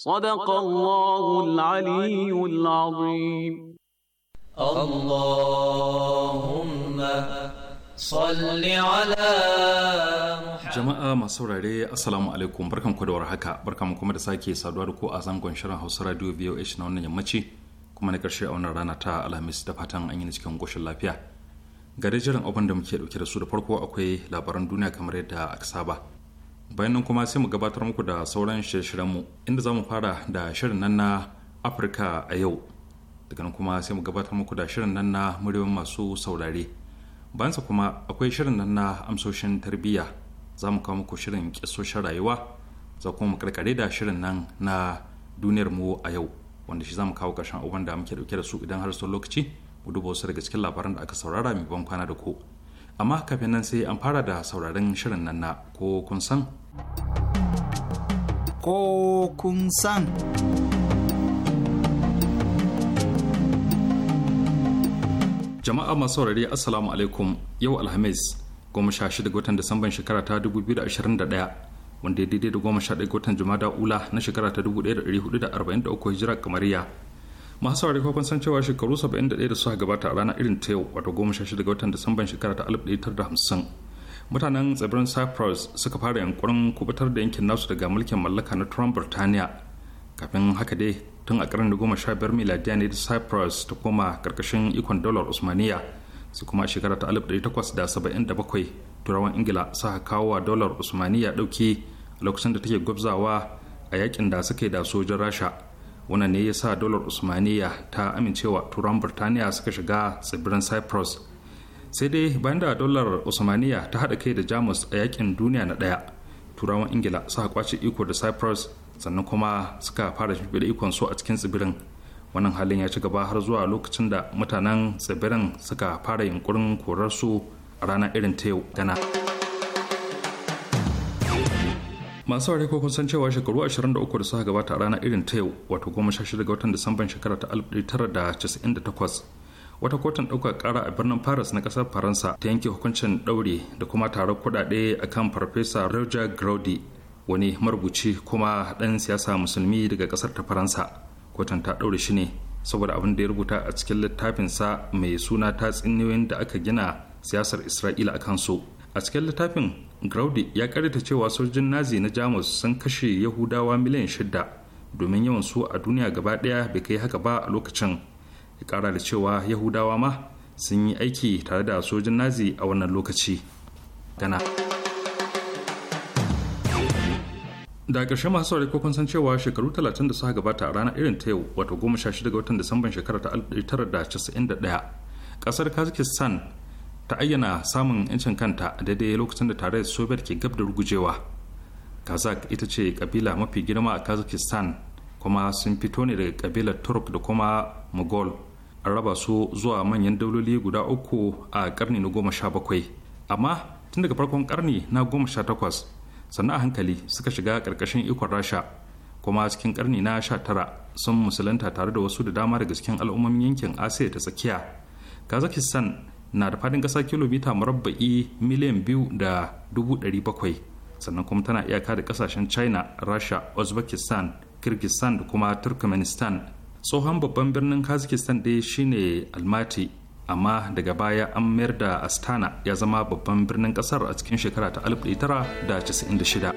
صدق الله العلي العظيم اللهم صل على jama'a masu saurare assalamu alaikum barkan ku da warhaka barkan mu kuma da sake saduwa da ku a zangon shirin Hausa Radio VOH na wannan yammaci kuma na karshe a wannan rana ta Alhamis da fatan an yi cikin koshin lafiya ga jiran abin da muke dauke da su da farko akwai labaran duniya kamar yadda aka saba bayan kuma sai mu gabatar muku da sauran shirye-shiryenmu inda za mu fara da shirin nan na afirka a yau daga nan kuma sai mu gabatar muku da shirin nan na muryoyin masu saurare bayansa kuma akwai shirin nan na amsoshin tarbiyya za mu kawo muku shirin kisoshin rayuwa za kuma mu karkare da shirin nan na duniyar mu a yau wanda shi za mu kawo ƙarshen abubuwan da muke dauke da su idan har sun lokaci mu duba wasu daga cikin labaran da aka saurara mai ban kwana da ku amma kafin nan sai an fara da sauraron shirin nan na ko kun san Ko kun san. Jama'a masu saurari Assalamu alaikum yau Alhamis goma sha shida watan Disamban shekara ta 2021 wanda ya daidai da goma sha ɗaya watan Jumada Ula na shekara ta 1443 hijira kamariya. masu saurari kun san cewa shekaru 71 da suka gabata a ranar irin ta yau wato goma sha shida watan Disamban shekara ta 1950 mutanen tsibirin cyprus suka fara yankurin kubutar da yankin nasu daga mulkin mallaka na trump birtaniya kafin haka dai tun a karni goma sha biyar miladiya ne da cyprus ta koma karkashin ikon dollar usmaniya su kuma a shekara ta alif ɗari takwas da saba'in da bakwai turawan ingila suka kawo wa dolar usmaniya ɗauki a lokacin da take gwabzawa a yakin da suka yi da sojin rasha wannan ne ya sa dolar usmaniya ta amincewa turan burtaniya suka shiga tsibirin cyprus sai dai bayan da dollar osmaniya ta haɗa kai da jamus a yakin duniya na ɗaya turawan ingila suka kwace iko da cyprus sannan kuma suka fara shimfiɗa ikon su a cikin tsibirin wannan halin ya ci gaba har zuwa lokacin da mutanen tsibirin suka fara yunkurin korar su a rana irin ta yau gana masu ware kun san cewa shekaru 23 da suka gabata a rana irin ta yau wato 16 ga watan disamban shekara ta 1998 wata kotun ɗaukar ƙara a birnin paris na ƙasar faransa ta yanke hukuncin ɗaure da kuma tarar kuɗaɗe kan farfesa roger graudi wani marubuci kuma ɗan siyasa musulmi daga ƙasar ta faransa kotun ta ɗaure shi ne saboda abin da ya rubuta a cikin littafinsa mai suna ta tsinniyoyin da aka gina siyasar isra'ila a kansu a cikin littafin graudi ya karyata cewa sojin nazi na jamus sun kashe yahudawa miliyan shida domin yawan su a duniya gaba ɗaya bai kai haka ba a lokacin kara da cewa yahudawa ma sun yi aiki tare da sojin nazi a wannan lokaci gana da ƙarshe masu saurari ko kun san cewa shekaru 30 da suka gabata a ranar irin ta yau wato 16 ga watan disamban shekarar ta 1991 ƙasar kazakhstan ta ayyana samun 'yancin kanta a daidai lokacin da tare soviet ke gab da rugujewa kazak ita ce kabila mafi girma a kazakhstan kuma sun fito ne daga kabilar turk da kuma mughal an raba su zuwa manyan dauloli guda uku a karni na goma sha bakwai amma tun daga farkon karni na goma sha takwas sannan a hankali suka shiga ƙarƙashin ikon rasha kuma cikin karni na sha tara sun musulunta tare da wasu da dama daga cikin al'ummomin yankin asiya ta tsakiya kazakistan na da faɗin ƙasa kilomita murabba'i miliyan biyu da dubu bakwai sannan kuma tana iyaka da ƙasashen china rasha uzbekistan kirgistan da kuma turkmenistan tsohon babban birnin kazakistan ɗaya shine almati amma daga baya an mayar da astana ya zama babban birnin kasar a cikin shekara ta 1996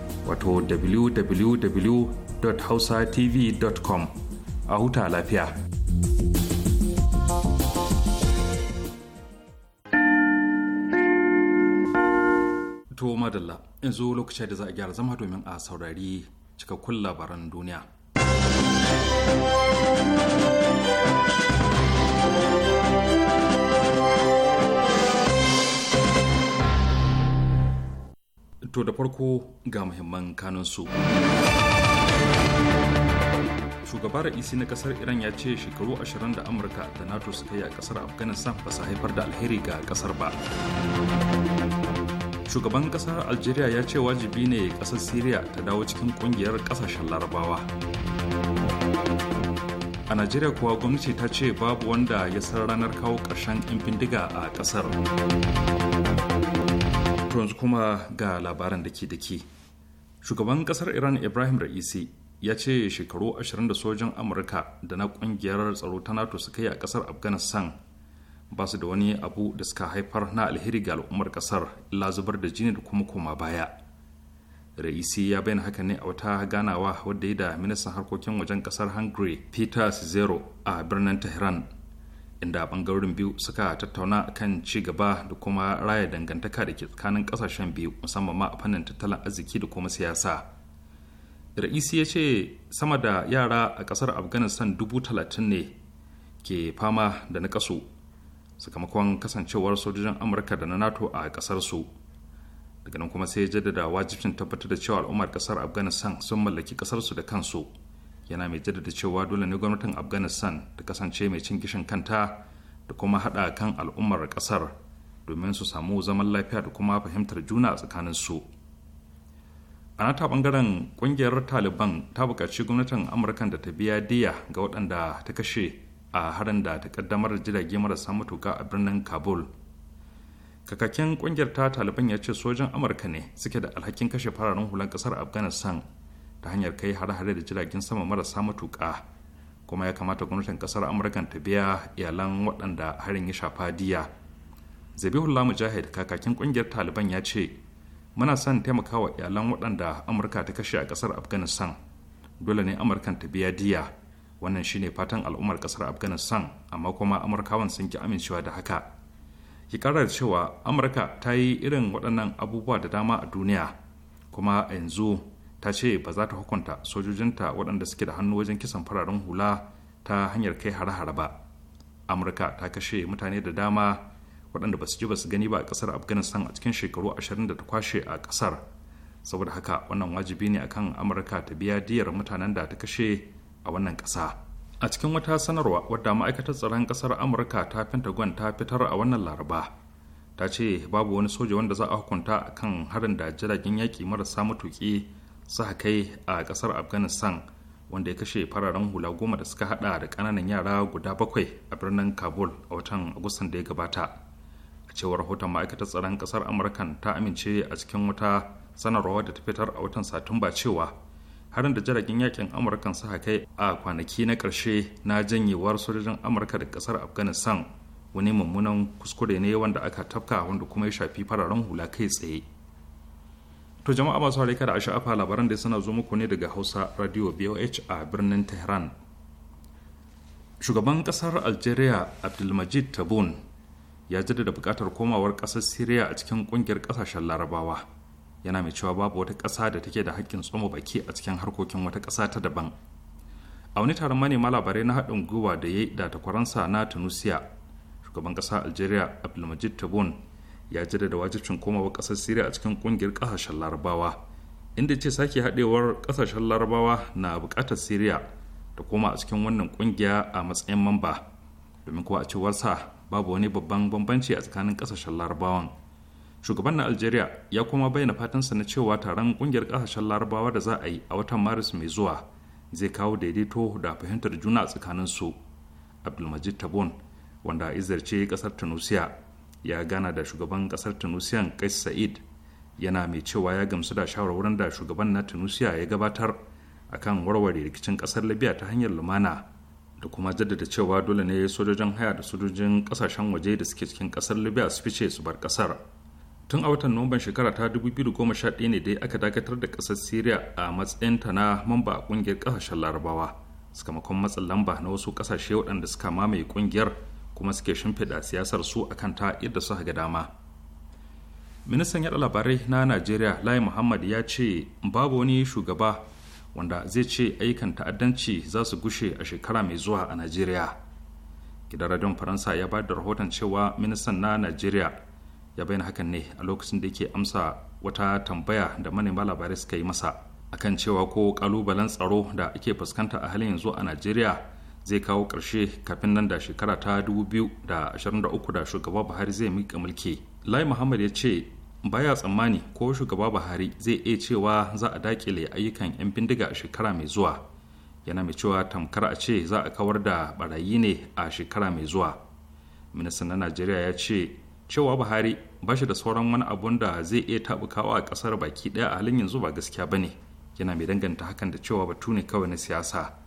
wato www.hausatv.com a huta lafiya. To madalla yanzu lokacin da za a gyara zama domin a saurari cikakkun labaran duniya. To da farko ga muhimman kanunsu. Shugaba Ra'isi na kasar Iran ya ce shekaru ashirin da Amurka da NATO suka yi a kasar Afghanistan ba su haifar da alheri ga kasar ba. Shugaban kasar Algeria ya ce wajibi ne kasar Syria ta dawo cikin kungiyar kasashen Larabawa. a najeriya kuwa gwamnati ta ce babu wanda ya san ranar kawo ƙarshen 'yan bindiga a kasar. to yanzu kuma ga labaran da ke da ke shugaban kasar iran ibrahim ra'isi ya ce shekaru 20 da sojan amurka da na kungiyar tsaro ta nato suka yi a kasar afghanistan ba su da wani abu da suka haifar na alheri ga al'ummar kasar illa zubar da jini da kuma koma baya raisi ya bayyana haka ne a wata ganawa wadda ya da ministan harkokin wajen kasar hungary peter zero a birnin tehran inda bangarorin biyu suka tattauna kan ci gaba da kuma raya dangantaka da ke tsakanin kasashen biyu musamman ma a fannin tattalin arziki da kuma siyasa ra'isi ya ce sama da yara a kasar afghanistan dubu talatin ne ke fama da na kaso sakamakon kasancewar sojojin amurka da na nato a kasar su daga nan kuma sai jaddada wajibcin tabbatar da cewa al'ummar kasar afghanistan sun mallaki kasar su da kansu yana mai jaddada cewa dole ne gwamnatin afghanistan ta kasance mai cin gishin kanta da kuma hada kan al'ummar kasar domin su samu zaman lafiya da kuma fahimtar juna a tsakanin su a nata bangaren kungiyar taliban ta buƙaci gwamnatin amurka da ta biya diya ga waɗanda ta kashe a harin da ta kaddamar jirage marasa matuka a birnin kabul kakakin kungiyar ta taliban ya ce sojan amurka ne suke da alhakin kashe fararen hulan kasar afghanistan ta hanyar kai hare-hare da jiragen sama marasa matuƙa kuma ya kamata gwamnatin kasar amurka ta biya iyalan waɗanda harin ya shafa diya zabihullah mujahid kakakin ƙungiyar taliban ya ce muna son taimakawa iyalan waɗanda amurka ta kashe a ƙasar afghanistan dole ne amurkan ta biya diya wannan shine fatan al'ummar ƙasar afghanistan amma kuma amurkawan sun ki amincewa da haka ki karar cewa amurka ta yi irin waɗannan abubuwa da dama a duniya kuma a yanzu ta ce ba za ta hukunta sojojinta waɗanda suke da hannu wajen kisan fararen hula ta hanyar kai hare-hare ba amurka ta kashe mutane da dama waɗanda ba su ji ba su gani ba a ƙasar afghanistan a cikin shekaru ashirin da ta kwashe a ƙasar saboda haka wannan wajibi ne akan amurka ta biya diyar mutanen da ta kashe a wannan ƙasa a cikin wata sanarwa wadda ma'aikatar tsaron ƙasar amurka ta pentagon ta fitar a wannan laraba ta ce babu wani soja wanda za a hukunta akan harin da jiragen yaƙi marasa matuƙi suka kai a kasar afghanistan wanda ya kashe fararen hula goma da suka hada da kananan yara guda bakwai a birnin kabul a watan agustan da ya gabata a cewar rahoton ma'aikatar tsaron kasar amurkan ta amince a cikin wata sanarwa da ta fitar a watan satumba cewa harin da jiragen yakin amurkan suka kai a kwanaki na karshe na janyewar sojojin amurka da kasar afghanistan wani mummunan kuskure ne wanda aka tafka wanda kuma ya shafi fararen hula kai tsaye To jama'a masu harika da sha'afa labaran da suna zo muku ne daga Hausa Radio BOH a birnin Tehran. Shugaban kasar Algeria Abdulmajid Tabun ya jaddada bukatar komawar ƙasar Syria a cikin ƙungiyar ƙasashen Larabawa. Yana mai cewa babu wata ƙasa da take da haƙƙin tsoma baki a cikin harkokin wata ƙasa ta daban. A wani taron manema labarai na haɗin gwiwa da ya yi da takwaransa na Tunusia, shugaban ƙasar Algeria Abdulmajid Tabun ya da wajibcin komawa kasar Siriya a cikin kungiyar kasashen Larabawa inda ce sake haɗewar kasashen Larabawa na buƙatar Siriya da koma a cikin wannan kungiya a matsayin mamba domin kuwa a cewar sa babu wani babban bambanci a tsakanin kasashen Larabawan shugaban na Algeria ya kuma bayyana fatansa na cewa taron kungiyar kasashen Larabawa da za a yi a watan Maris mai zuwa zai kawo daidaito da fahimtar juna a tsakanin su Abdulmajid tabon wanda izarce kasar Tunisia ya gana da shugaban kasar tunisiyan kais sa'id yana mai cewa ya gamsu da shawarwarin da shugaban na tunisia ya gabatar a kan warware rikicin kasar libya ta hanyar lumana da kuma jaddada cewa dole ne sojojin haya da sojojin kasashen waje da suke cikin kasar libya su fice su bar kasar tun a watan nuwamban shekara ta 2011 ne dai aka dakatar da kasar syria a matsayin ta na mamba a kungiyar kasashen larabawa sakamakon matsin lamba na wasu kasashe waɗanda suka mamaye kungiyar kuma suke shimfiɗa siyasar su a kanta yadda su ga dama ministan yaɗa labarai na najeriya lai muhammad ya ce babu wani shugaba wanda zai ce ayyukan ta'addanci za su gushe a shekara mai zuwa a najeriya gidan radion faransa ya ba da rahoton cewa ministan na najeriya ya bayyana hakan ne a lokacin da yake amsa wata tambaya da manema labarai suka yi masa akan cewa ko kalubalen tsaro da ake fuskanta a halin yanzu a najeriya zai kawo ƙarshe kafin nan da shekara ta 2023 da shugaba buhari zai miƙa mulki lai muhammad ya ce baya tsammani ko shugaba buhari zai iya cewa za a dakile ayyukan 'yan bindiga a shekara mai zuwa yana mai cewa tamkar a ce za a kawar da barayi ne a shekara mai zuwa ministan na najeriya ya ce cewa buhari ba shi da sauran wani abun da zai iya tabukawa a ƙasar baki ɗaya a halin yanzu ba gaskiya ba ne yana mai danganta hakan da cewa batu ne kawai na siyasa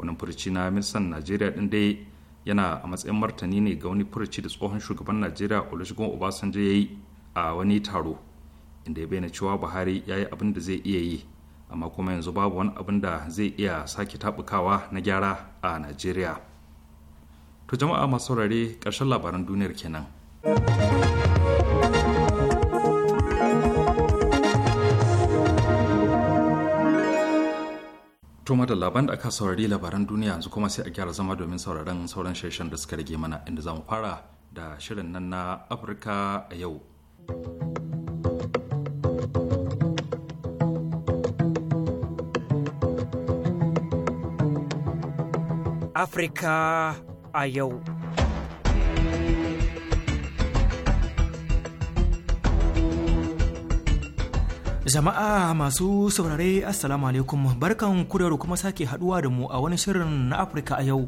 wani furci na ministan najeriya din dai yana a matsayin martani ne ga wani furci da tsohon shugaban najeriya olusegun obasanjo ya yi a wani taro inda ya bayyana cewa buhari ya yi abin da zai iya yi amma kuma yanzu babu wani abin da zai iya sake tabukawa na gyara a najeriya to jama'a masu saurare ƙarshen labaran duniyar kenan. To da labaran da aka saurari labaran duniya yanzu kuma sai a gyara zama domin sauraron sauran shirshen da suka rage mana inda zamu fara da shirin nan na Afirka a yau. Afirka a yau. Jama'a masu saurare Assalamu alaikum barkan kudaro kuma sake haduwa da mu a wani shirin na Afirka a yau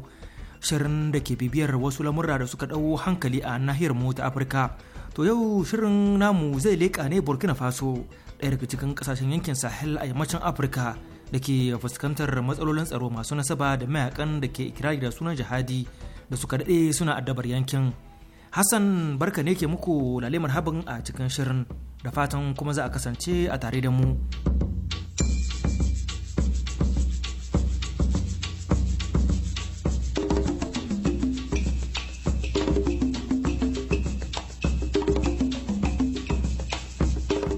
shirin da ke bibiyar wasu lamurra da suka dau hankali a nahiyar mu ta Afirka. To yau shirin namu zai leka ne Burkina Faso ɗaya daga cikin kasashen yankin Sahel a yammacin Afirka da ke fuskantar matsalolin tsaro masu nasaba da mayakan da ke ikirari da sunan jihadi da suka daɗe suna addabar yankin. Hassan barka ne ke muku lalemar habin a cikin shirin. da fatan kuma za a kasance a tare da mu.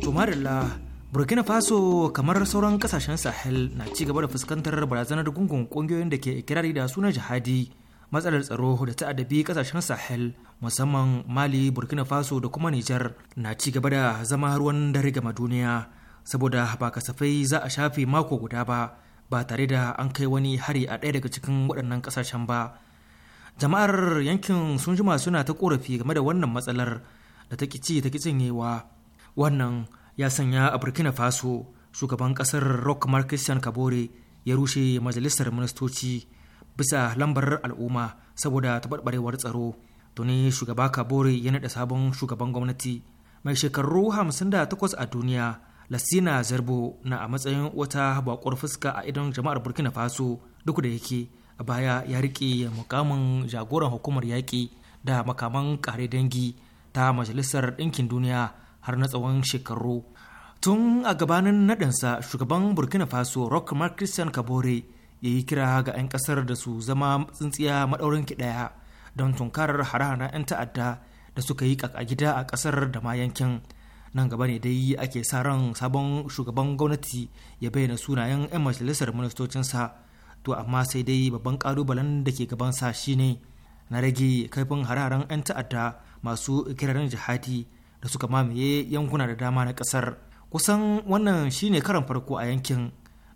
Tumarilla Burkina Faso kamar sauran kasashen Sahel na ci gaba da fuskantar barazanar gungun ƙungiyoyin da ke ikirari da sunan jihadi. matsalar tsaro da ta adabi kasashen sahel musamman mali burkina faso da kuma nijar na ci gaba da zama ruwan dare gama duniya saboda ba kasafai za a shafe mako guda ba ba tare da an kai wani hari a ɗaya daga cikin waɗannan kasashen ba jama'ar yankin sun jima suna ta korafi game da wannan matsalar da ta ci ta cinyewa wannan ya sanya a burkina faso shugaban kasar rock mark kabore ya rushe majalisar ministoci bisa lambar al'umma saboda taɓarɓarewar tsaro tuni shugaba kabore ya naɗa sabon shugaban gwamnati mai shekaru 58 a duniya lassina zarbo na a matsayin wata bakwar fuska a idon jama'ar burkina faso duk da yake a baya ya riƙe mukamin jagoran hukumar yaƙi da makaman kare dangi ta majalisar ɗinkin duniya har na tsawon shekaru tun a gabanin naɗinsa shugaban burkina faso rock mark christian kabore ya yi kira ga 'yan kasar da su zama tsintsiya maɗaurin ki ɗaya don tunkarar harana 'yan ta'adda da suka yi kaka gida a kasar da ma yankin nan gaba ne dai ake sa ran sabon shugaban gwamnati ya bayyana sunayen 'yan majalisar ministocinsa to amma sai dai babban kalubalen da ke gaban sa shine na rage kaifin hararen 'yan ta'adda masu ikirarin jihadi da suka mamaye yankuna da dama na kasar kusan wannan shine karan farko a yankin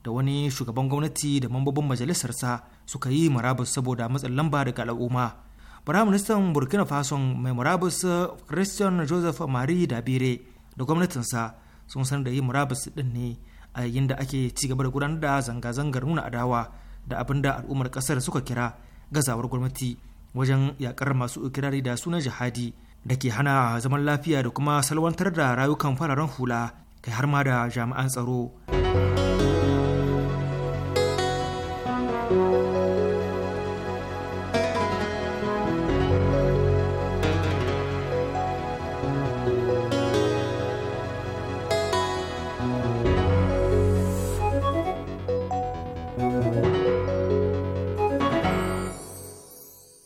da wani shugaban gwamnati da mambobin majalisarsa suka yi murabus saboda matsin lamba daga al'umma Firaministan Burkina Faso mai murabus Christian Joseph Marie Dabire da gwamnatinsa sun sanar da yi murabus din ne a yayin da ake ci gaba da gudanar da zanga-zangar nuna adawa da abin da al'ummar kasar suka kira gazawar gwamnati wajen yakar masu ikirari da sunan jihadi da ke hana zaman lafiya da kuma salwantar da rayukan fararen hula kai har ma da jami'an tsaro.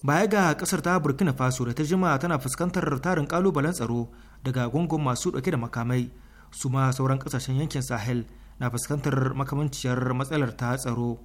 baya ga kasar ta burkina faso da ta jima tana fuskantar tarin kalubalen tsaro daga gungun masu dauke da makamai su ma sauran kasashen yankin sahel na fuskantar makamanciyar matsalar ta tsaro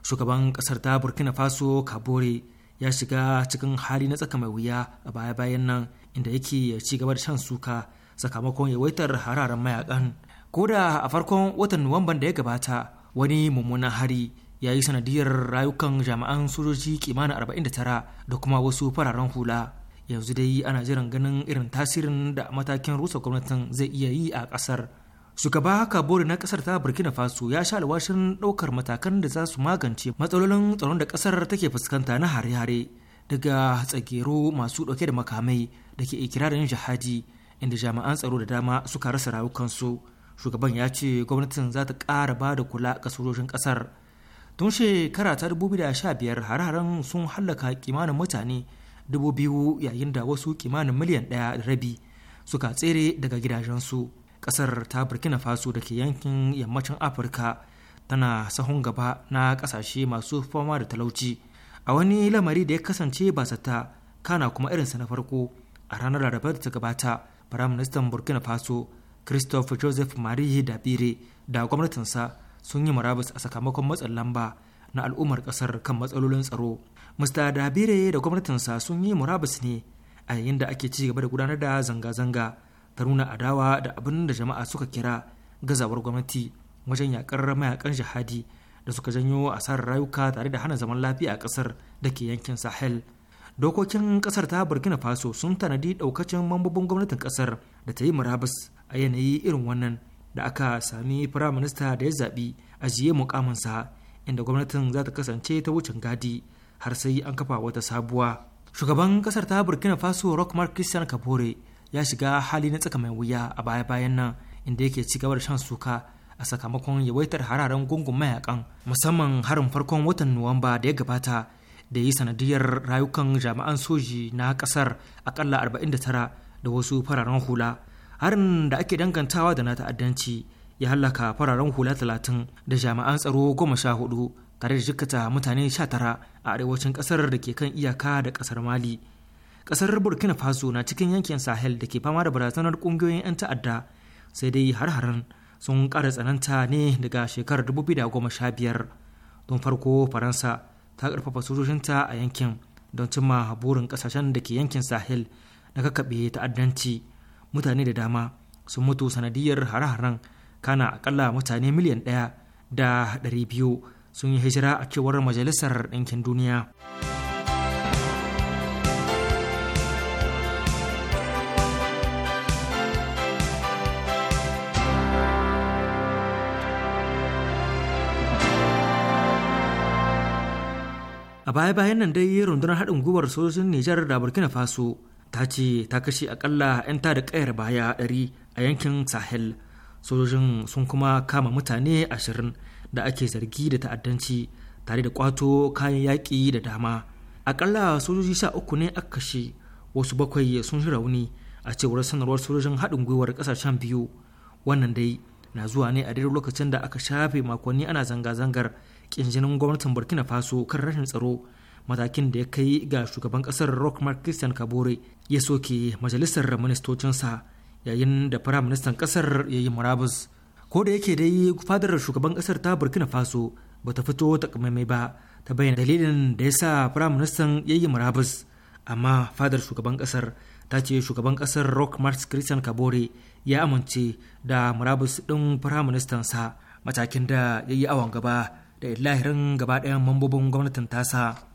shugaban kasar ta burkina faso kabore ya shiga cikin hali na tsaka mai wuya a baya-bayan nan inda yake ci gaba da shan suka sakamakon yawaitar hararen mayakan ko da a farkon watan nuwamban da ya gabata wani mummunan hari ya yi sanadiyar rayukan jami'an sojoji kimanin arba'in da kuma wasu fararen hula yanzu dai ana jiran ganin irin tasirin da matakin rusa gwamnatin zai iya yi a kasar shugaba kabori na kasar ta burkina faso ya sha alwashin ɗaukar matakan da za su magance matsalolin tsaron da kasar take fuskanta na hare-hare daga tsagero masu dauke da makamai da ke ikirarin jihadi inda jami'an tsaro da dama suka rasa rayukansu shugaban ya ce gwamnatin za ta ƙara ba da kula ga sojojin ƙasar tun shekara ta 2015 hare-haren sun hallaka kimanin mutane 2000 yayin da wasu kimanin miliyan ɗaya da rabi suka tsere daga gidajensu ƙasar ta burkina faso da ke yankin yammacin afirka tana sahun gaba na ƙasashe masu fama da talauci a wani lamari da ya kasance ba zata kana kuma irinsa na farko a ranar larabar da ta gabata firaministan burkina faso christophe joseph marie dabire da gwamnatinsa sun yi murabus a sakamakon matsin lamba na al'ummar kasar kan matsalolin tsaro mr dabire da gwamnatinsa sun yi murabus ne a yayin da ake ci gaba da gudanar da zanga-zanga ta nuna adawa da abin da jama'a suka kira gazawar gwamnati wajen yakar mayakan jihadi da suka janyo asarar rayuka tare da hana zaman lafiya a kasar da ke yankin sahel dokokin kasar ta burkina faso sun tanadi daukacin mambobin gwamnatin kasar da ta yi murabus a yanayi irin wannan da aka sami firaminista da ya zaɓi ajiye mukaminsa inda gwamnatin za ta kasance ta wucin gadi har sai an kafa wata sabuwa shugaban kasar ta burkina faso rock mark christian kabore ya shiga hali na tsaka mai wuya a baya-bayan nan inda yake ci gaba da shan suka a sakamakon yawaitar hararen gungun mayakan musamman harin farkon watan nuwamba da ya gabata da yi sanadiyar rayukan jami'an soji na kasar akalla 49 da wasu fararen hula harin da ake dangantawa da na ta'addanci ya hallaka fararen hula 30 da jami'an tsaro 14 tare da jikkata mutane 19 a arewacin kasar da ke kan iyaka da kasar mali kasar burkina faso na cikin yankin sahel da ke fama da barazanar kungiyoyin 'yan ta'adda sai dai har-haren sun kara tsananta ne daga shekarar 2015 don farko faransa ta karfafa sojojinta a yankin don cimma burin kasashen da ke yankin sahel na kakkaɓe ta'addanci mutane da dama sun mutu sanadiyar hare-haren kana akalla mutane miliyan ɗaya da ɗari biyu sun yi hijira a cewar majalisar ɗinkin duniya. a baya-bayan nan dai rundunar haɗin gwiwar sojojin Nijar da Burkina Faso ta ce ta kashe akalla 'yan da kayar baya 100 a yankin sahel sojojin sun kuma kama mutane ashirin da ake zargi da ta'addanci tare da kwato kayan yaƙi da dama akalla sojoji sha uku ne aka kashe wasu bakwai sun shi rauni a cewar sanarwar sojojin haɗin gwiwar ƙasashen biyu wannan dai na zuwa ne a daidai lokacin da aka shafe makonni ana zanga-zangar ƙinjinin gwamnatin burkina faso kan rashin tsaro matakin da ya kai ga shugaban kasar rock mark christian kabore ya soke majalisar ministocinsa yayin da firaministan kasar ya yi murabus ko da yake dai fadar shugaban kasar ta burkina faso bata fito takamaimai ba ta bayyana dalilin da ya sa firaministan ya yi murabus amma fadar shugaban kasar ta ce shugaban kasar rock mark christian kabore ya amince da murabus ɗin sa matakin da ya yi awon gaba da lahirin gaba ɗayan mambobin gwamnatin tasa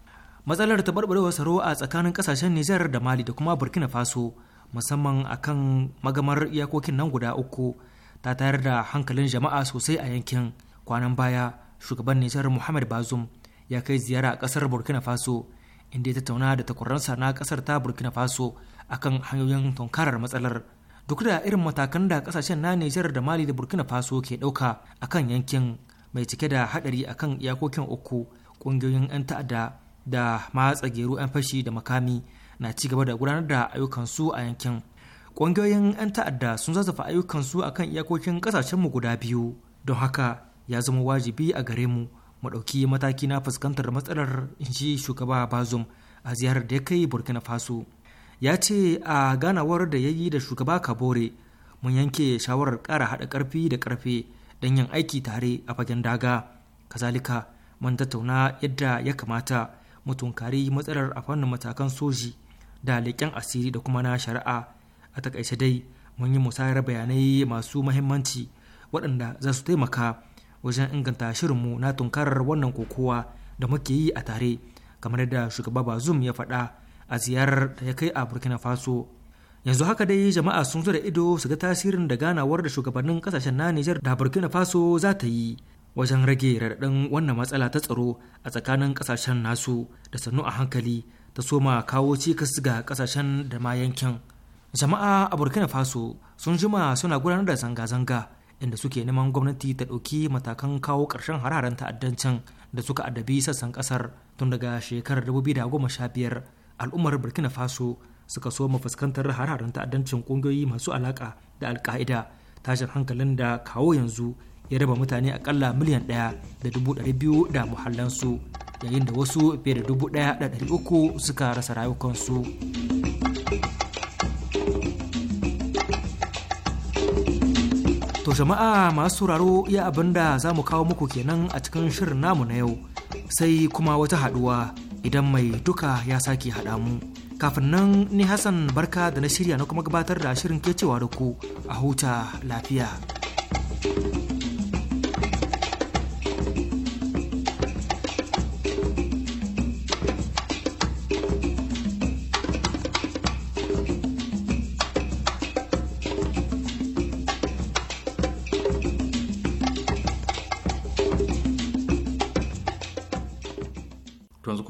matsalar taɓarɓarewar tsaro a tsakanin kasashen nijar da mali da kuma burkina faso musamman akan magamar iyakokin nan guda uku ta tayar da hankalin jama'a sosai a yankin kwanan baya shugaban nijar muhammad bazum ya kai ziyara a ƙasar burkina faso inda ya tattauna da takwararsa na kasar ta burkina faso akan hanyoyin tunkarar matsalar duk da irin matakan da kasashen na Nijar da Mali da Burkina Faso ke ɗauka akan yankin mai cike da haɗari akan iyakokin uku ƙungiyoyin 'yan ta'adda da matsa geru 'yan fashi da makami na ci gaba da gudanar da ayyukansu a yankin ƙungiyoyin 'yan ta'adda sun zazzafa ayyukansu a kan iyakokin ƙasashenmu guda biyu don haka ya zama wajibi a gare mu mu ɗauki mataki na fuskantar matsalar in ji shugaba bazum a ziyarar da ya kai burkina faso ya ce a ganawar da ya yi da shugaba kabore mun yanke shawarar ƙara haɗa ƙarfi da ƙarfe don yin aiki tare a fagen daga kazalika mun tattauna yadda ya kamata mu tunkari matsalar a fannin matakan soji da leƙen asiri da kuma na shari'a a takaice dai mun yi musayar bayanai masu mahimmanci waɗanda za su taimaka wajen inganta shirinmu na tunkarar wannan kokowa da muke yi a tare kamar yadda shugaba bazum ya faɗa a ziyarar da ya kai a burkina faso yanzu haka dai jama'a sun zo da ido su ga tasirin da ganawar da shugabannin kasashen na nijar da burkina faso za ta yi wajen rage raɗaɗin wannan matsala ta tsaro a tsakanin ƙasashen nasu da sannu a hankali ta soma kawo cikas ga ƙasashen da ma yankin jama'a a burkina faso sun jima suna gudanar da zanga-zanga inda suke neman gwamnati ta ɗauki matakan kawo ƙarshen hararen ta'addancin da suka addabi sassan ƙasar tun daga shekarar 2015 al'ummar burkina faso suka soma fuskantar hararen ta'addancin ƙungiyoyi masu alaƙa da alka'ida tashin hankalin da kawo yanzu ya raba mutane akalla miliyan ɗaya da dubu ɗari biyu da muhallansu yayin da wasu fiye da dubu ɗaya da ɗari uku suka rasa rayukansu to jama'a masu sauraro iya abinda za mu kawo muku kenan a cikin shirin namu na yau sai kuma wata haɗuwa idan mai duka ya sake haɗa mu kafin nan ni hassan barka da na shirya na kuma gabatar da shirin ke cewa da ku a huta lafiya thank you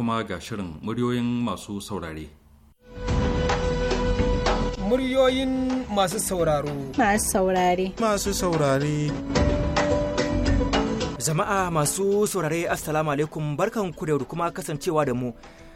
kuma ga shirin muryoyin masu saurare. Muryoyin masu sauraro. Masu saurare. Masu saurare. Jama'a masu saurare Assalamu alaikum barkan ku da kuma kasancewa da mu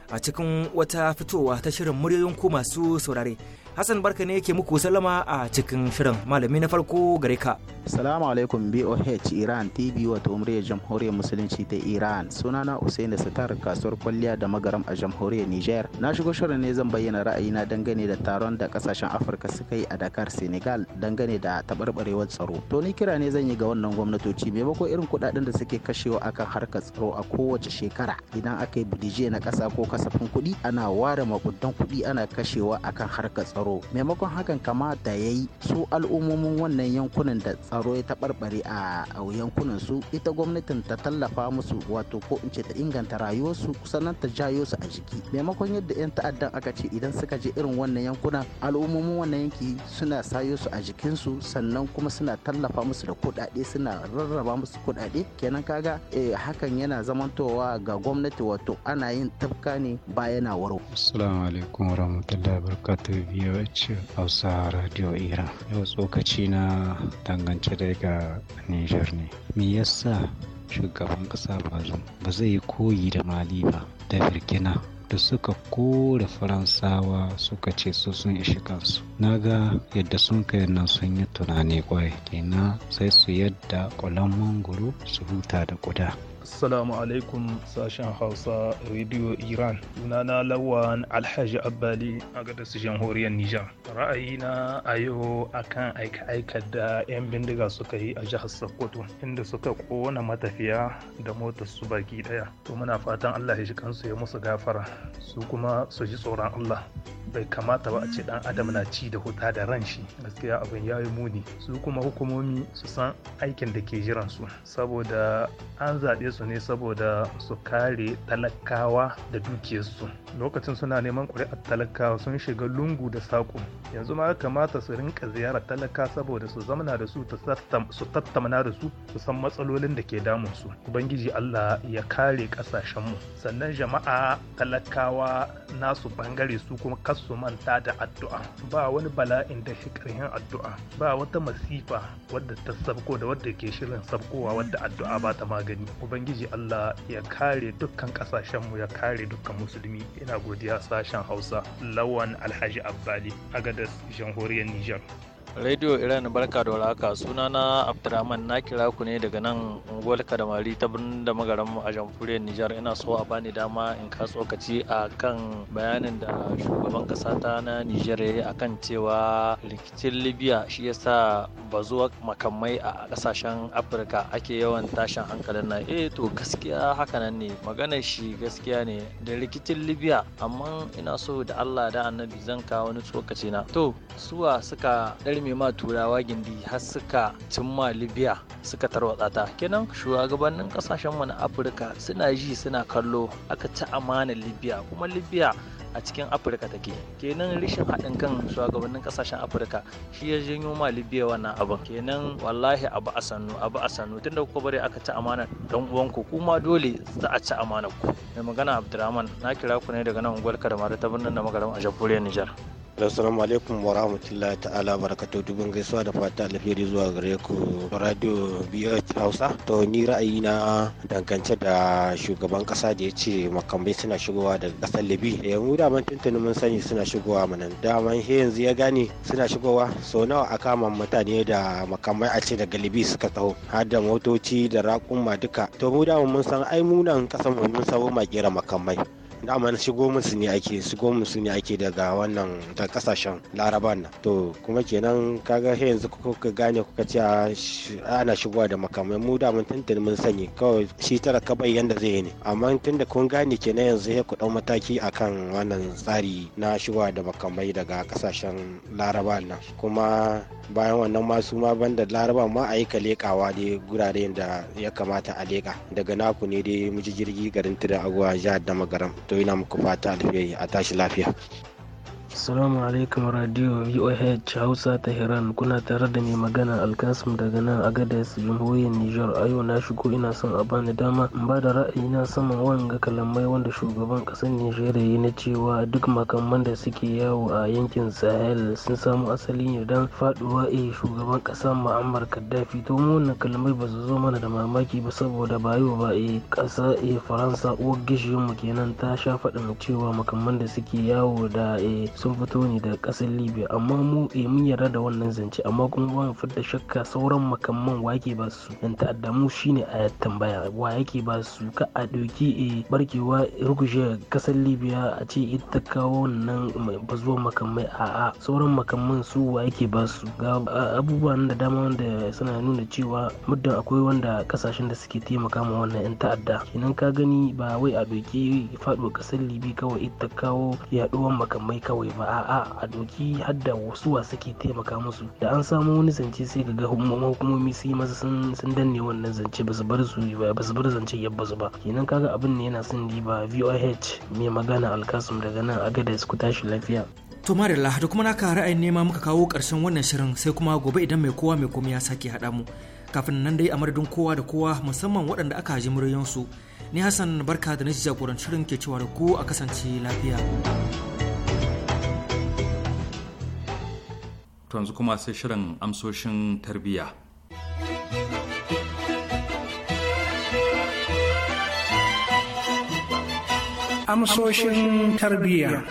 a cikin wata fitowa ta shirin muryoyin ku masu saurare. Hassan barka ne yake muku salama a cikin shirin malami na farko gare ka. Salamu alaikum BOH Iran TV wato umriya jamhuriyar musulunci ta Iran sunana Usain Sitar kasuwar kwalliya da magaram a jamhuriyar Niger. Na shigo shirin ne zan bayyana ra'ayina dangane da taron da kasashen Afirka suka yi a Dakar Senegal dangane da taɓarɓarewar tsaro. To ni kira ne zan yi ga wannan gwamnatoci maimako irin kuɗaɗen da suke kashewa akan harkar tsaro a kowace shekara idan aka yi budije na kasa ko kasafin kuɗi ana ware makudan kuɗi ana kashewa akan harkar tsaro tsaro maimakon hakan kamata ya yi su al'ummomin wannan yankunan da tsaro ya taɓarɓare a yankunan su ita gwamnatin ta tallafa musu wato ko in ce ta inganta rayuwarsu sannan ta jayo su a jiki maimakon yadda 'yan ta'addan aka ce idan suka je irin wannan yankuna al'ummomin wannan yanki suna sayo su a jikinsu sannan kuma suna tallafa musu da kuɗaɗe suna rarraba musu kuɗaɗe kenan kaga eh, hakan yana zamantowa ga gwamnati wato ana yin tafka ne ba yana waro. Assalamu alaikum warahmatullahi wabarakatuh biyu VOH Hausa Radio Iran. Yau tsokaci na dangance daga Nijar ne. Me yasa shugaban ƙasa Bazum ba zai yi koyi da Mali ba da Burkina da suka kore faransawa suka ce su sun ishi kansu na ga yadda sun kai nan sun yi tunani kwai, kenan sai su yadda ƙulan mangoro su huta da ƙuda assalamu alaikum sashen hausa radio iran sunana lawan alhaji abbali a sashen Horiyar nijar ra'ayina a yau akan aika-aika da 'yan bindiga suka yi a jihar sokoto inda suka kona matafiya da motar su baki daya to muna fatan allah ya shi kansu ya musu gafara su kuma su ji tsoron allah bai kamata ba a ce dan adam na ci da huta da ran shi gaskiya abin ya yi muni su kuma hukumomi su san aikin da ke jiran su saboda an zaɓe su su ne saboda su kare talakawa da dukiyarsu lokacin suna neman ƙuri'ar talakawa sun shiga lungu da saƙo yanzu ma kamata su rinka ziyarar talaka saboda su zamana da su su tattamana da su su san matsalolin da ke damun su ubangiji allah ya kare mu. sannan jama'a talakawa nasu bangare su kuma kasu su manta da addu'a ba wani bala'in da shi ƙarhin addu'a ba wata masifa wadda ta sabko da wadda ke shirin sabkowa wadda addu'a ba ta magani ubangiji allah ya kare dukkan kasashenmu ya kare dukkan musulmi ina godiya sashen hausa lawan alhaji abbali agadas jamhuriyar niger Radio Iran barka da warhaka na Abdurrahman na kira ku ne daga nan unguwar Kadamari ta birnin da magaran a jamhuriyar Nijar ina so a bani dama in ka tsokaci a kan bayanin da shugaban kasa ta na Nijar ya yi kan cewa rikicin Libya shi ya yasa bazuwa makamai a kasashen Afirka ake yawan tashin hankalin na eh to gaskiya hakanan ne maganar shi gaskiya ne da rikicin Libya amma ina so da Allah da Annabi zan kawo wani tsokaci na to suwa suka ɗarme ma turawa gindi har suka cimma libya suka tarwatsa ta kenan shugabannin kasashen mu na afirka suna ji suna kallo aka ci amanar libya kuma libya a cikin afirka take kenan rishin haɗin kan shugabannin kasashen afirka shi ya janyo ma libya wannan abin kenan wallahi abu a sannu abu a sannu tunda kuka bari aka ci amana dan uwanku kuma dole za a ci amana ku mai magana abdurrahman na kira ku ne daga nan unguwar karama ta birnin da magaram a jamhuriyar nijar assalamu alaikum wa rahmatullahi ta'ala barakatu dubin gaisuwa da fata alheri zuwa gare ku radio BH Hausa to ni ra'ayi na dangance da shugaban kasa da ya ce makamai suna shigowa daga kasar Libi yanzu eh, dama tuntuni mun sani suna shigowa mana dama he yanzu ya gane suna shigowa so nawa a kama mutane da makamai a ce da galibi suka taho har da motoci da raƙuma duka to mu daman mun san ai mu nan kasan mun sabo makera makamai dama na shigo musu ne ake shigo musu ne ake daga wannan ta kasashen laraban nan to kuma kenan kaga sai yanzu kuka gane kuka ce ah, ana shigowa da makamai mu da mun tuntuni mun sani kawai shi tara kabai yanda zai yi ne amma tunda kun gane kenan yanzu sai ku dau mataki akan wannan tsari na shigowa da makamai daga kasashen laraba nan kuma bayan wannan masu ma banda laraba ma a ka lekawa dai gurare da ya kamata a leka daga naku ne dai ji jirgi garin tuda agwa jihar da magaram ina muku fata alheri a tashi lafiya Assalamu alaikum radio VOH Hausa Tehran kuna tare da mai magana Alkasim daga nan a Agadez Jamhuriyar Nijar a yau na shigo ina son a bani dama in ba da ra'ayi na saman wanga kalamai wanda shugaban kasar Nijar yi na cewa duk makamman da suke yawo a yankin Sahel sun samu asali ne don faduwa a eh, shugaban kasa Muammar Gaddafi to mu wannan kalamai ba su zo mana da mamaki ba saboda ba yau ba a kasa a Faransa uwar gishiyun mu kenan ta sha faɗin cewa makamman da suke yawo da eh, sun fito ne daga ƙasar libya amma mu eh, mun yarda da wannan zance amma kuma ba mu fidda shakka sauran makamman wake ba su yan ta'adda mu shine a tambaya wa yake ba su ka a ɗauki e barkewa rukushe ƙasar libya a ce ita kawo wannan makamai a'a sauran makamman su wa yake ba su ga abubuwan da dama wanda suna nuna cewa muddin akwai wanda kasashen da suke taimaka ma wannan yan ta'adda kenan ka gani ba wai a doki faɗo ƙasar libya kawai ita kawo yaɗuwar makamai kawai ba a'a a doki hadda wasu suke taimaka musu da an samu wani zance sai ga hukumomi yi masa sun danne wannan zance ba su bar su ba su bar zance yabba su ba kenan kaga abin ne yana son ba voh mai magana alkasum daga nan a gada ku tashi lafiya To Marilla da kuma naka ra'ayin nema muka kawo ƙarshen wannan shirin sai kuma gobe idan mai kowa mai komai ya sake haɗa mu. Kafin nan dai a madadin kowa da kowa musamman waɗanda aka ji muryoyinsu. Ni Hassan barka da na jagorancin shirin ke cewa da ku a kasance lafiya. to yanzu kuma sai shirin amsoshin tarbiyya amsoshin tarbiyya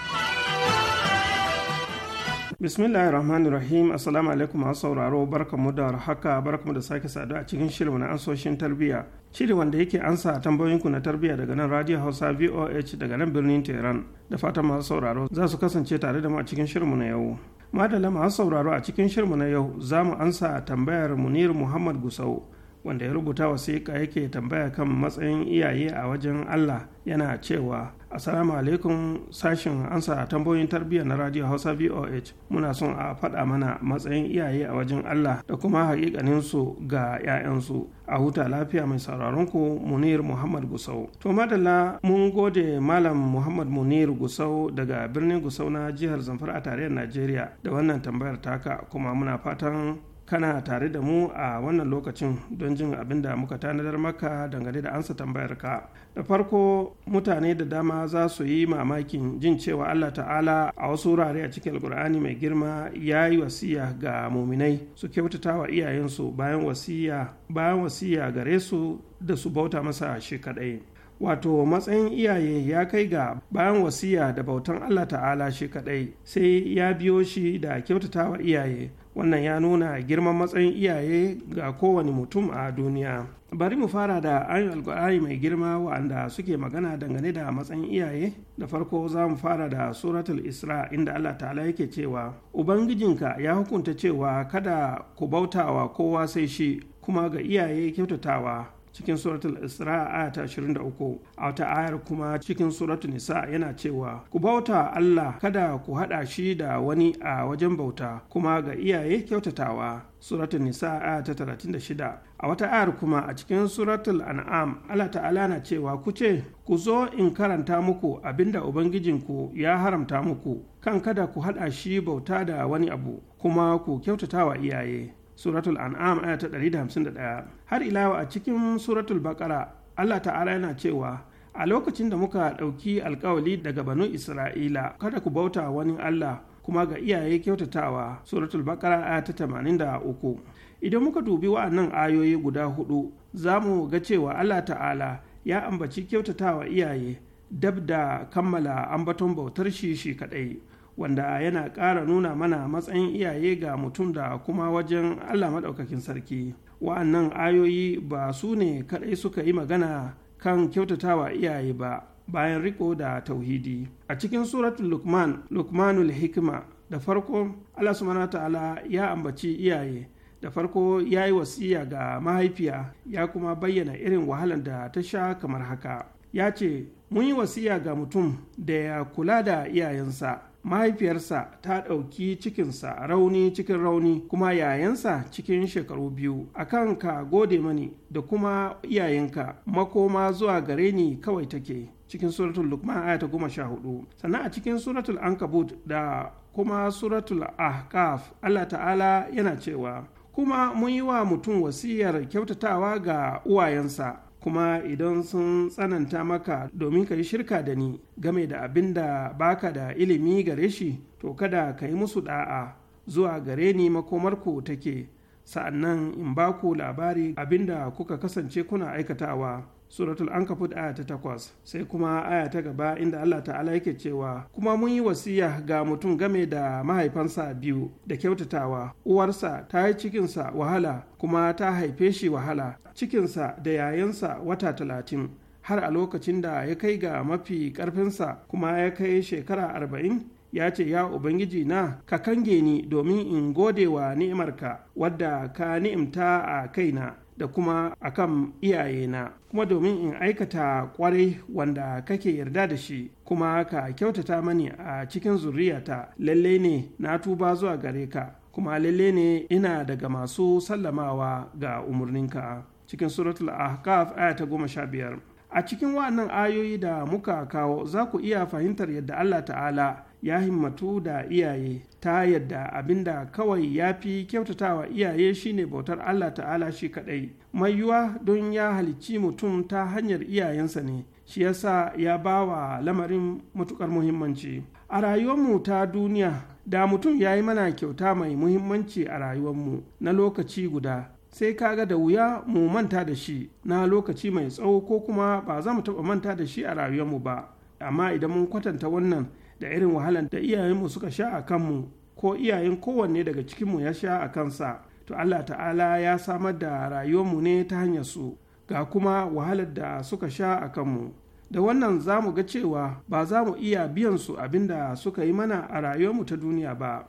Bismillahi rahmanir rahim assalamu alaikum masu sauraro barkamu da haka barkamu da sake saduwa a cikin shirin na ansoshin tarbiyya shiri wanda yake ansa a tambayoyinku na tarbiyya daga nan radio hausa voh daga nan birnin tehran da fatan masu sauraro za su kasance tare da mu a cikin shirin na yau madalla masu sauraro a cikin shirmu na yau za mu ansa a tambayar munir muhammad gusau wanda ya rubuta wasiƙa yake tambaya kan matsayin iyaye a wajen allah yana cewa Assalamu alaikum sashin ansa tambayoyin tarbiyya na Radio Hausa VOH muna son a faɗa mana matsayin iyaye a wajen Allah da kuma su ga 'ya'yansu a huta lafiya mai sauraron ku Munir Muhammad Gusau. To madalla mun gode Malam Muhammad Munir Gusau daga birnin Gusau na jihar Zamfara a tarayyar Najeriya da wannan tambayar taka kuma muna fatan kana tare da mu a wannan lokacin don jin abin da muka tanadar maka dangane da ansa tambayar ka da farko mutane da dama za su yi mamakin jin cewa allah ta'ala a wasu wurare a cikin alkur'ani mai girma ya yi wasiya ga muminai su kyautata wa iyayensu bayan wasiya bayan wasiya gare su da su bauta masa shi kaɗai. wato matsayin iyaye ya kai ga bayan wasiya da bautan Allah ta'ala shi kaɗai sai ya biyo shi da kyautatawa iyaye wannan ya nuna girman matsayin iyaye ga kowane mutum a duniya bari mu fara da ayin alkur'ani mai girma wa'anda suke magana dangane da matsayin iyaye da farko za mu fara da suratul isra inda allah ta'ala yake cewa ubangijinka ya hukunta cewa kada ku bautawa kowa sai shi kuma ga iyaye kyautatawa cikin suratul isra aya ta 23 a wata ayar kuma cikin suratul nisa yana cewa ku bauta Allah kada ku hada shi da wani a wajen bauta kuma ga iyaye kyautatawa suratul nisa aya ta 36 a wata ayar kuma a cikin suratul an'am Allah ta'ala na cewa ku ce ku zo in karanta muku abinda ubangijinku ya haramta muku kan kada ku hada shi bauta da wani abu kuma ku kyautatawa iyaye suratul an'am aya ta 151 har ilawa a cikin suratul bakara allah ta'ala yana cewa a lokacin da muka ɗauki alkawali daga banu isra'ila kada ku bauta wani allah kuma ga iyaye kyautatawa suratul bakara aya ta tamanin da uku idan muka dubi wa'annan ayoyi guda hudu za mu ga cewa allah ta'ala ya ambaci kyautatawa iyaye dab da kammala ambaton bautar shi shi kadai wanda yana ƙara nuna mana matsayin iyaye ga mutum da kuma wajen allah maɗaukakin sarki wa'annan ayoyi ba su ne kadai suka yi magana kan kyautatawa iyaye ba bayan riko da tauhidi a cikin suratul lukman lukmanul hikima da farko allah subhanahu ta'ala ya ambaci iyaye da farko ya yi wasiya ga mahaifiya ya kuma bayyana irin wahalar da ta sha kamar haka ya ce mun yi wasiya ga mutum da ya kula da iyayensa mahaifiyarsa ta ɗauki cikinsa rauni cikin rauni kuma yayansa cikin shekaru biyu A kan ka gode mani da kuma iyayenka makoma zuwa gare ni kawai take cikin suratul lukman aya ta goma sha hudu sannan a cikin suratul ankabut da kuma suratul ahkaf allah ta'ala yana cewa kuma mun yi wa mutum wasiyar kyautatawa ga uwayensa kuma idan sun tsananta maka domin ka yi shirka da ni game da abin da baka da ilimi gare shi to kada ka yi musu da'a zuwa gare ni makomarku take sa'annan in ba ku labari abin da kuka kasance kuna aikatawa suratul ankafut aya ta takwas sai kuma aya ta gaba inda allah ta'ala yake cewa kuma mun yi wasiya ga mutum game da mahaifansa biyu da kyautatawa uwarsa ta yi cikinsa wahala kuma ta haife shi wahala cikinsa da yayansa wata talatin har a lokacin da ya kai ga mafi karfinsa kuma ya kai shekara arba'in ya ce ya ubangiji na ka kange ni domin in gode wa ni'imarka wadda ka ni'imta a kaina da kuma akan iyayena kuma domin in aikata kwarai wanda kake yarda da shi kuma ka kyautata mani a cikin zuriyata lalle ne na tuba zuwa gare ka kuma lalle ne ina daga masu sallamawa ga umarninka cikin suratul ahqaf aya ta goma sha biyar a cikin waɗannan ayoyi da muka kawo za ku iya fahimtar yadda allah ta'ala ya himmatu da iyaye ta yadda abinda kawai ya fi kyautatawa iyaye shine bautar Allah ta'ala shi kadai mai don ya halicci mutum ta hanyar iyayensa ne shi yasa ya ba wa lamarin matukar muhimmanci a rayuwarmu ta duniya da mutum ya yi mana kyauta mai muhimmanci a rayuwarmu na lokaci guda sai kaga da wuya mu manta da shi na lokaci mai tsawo ko kuma ba za mu taɓa manta da shi a rayuwarmu ba amma idan mun kwatanta wannan da irin wahalar da iyayenmu suka sha a kanmu ko iyayen kowanne daga cikinmu ya sha a kansa to Allah ta'ala ya samar da rayuwarmu ne ta hanyar su ga kuma wahalar da suka sha a kanmu da wannan za mu ga cewa ba za mu iya biyan su abinda suka yi mana a rayuwarmu ta duniya ba.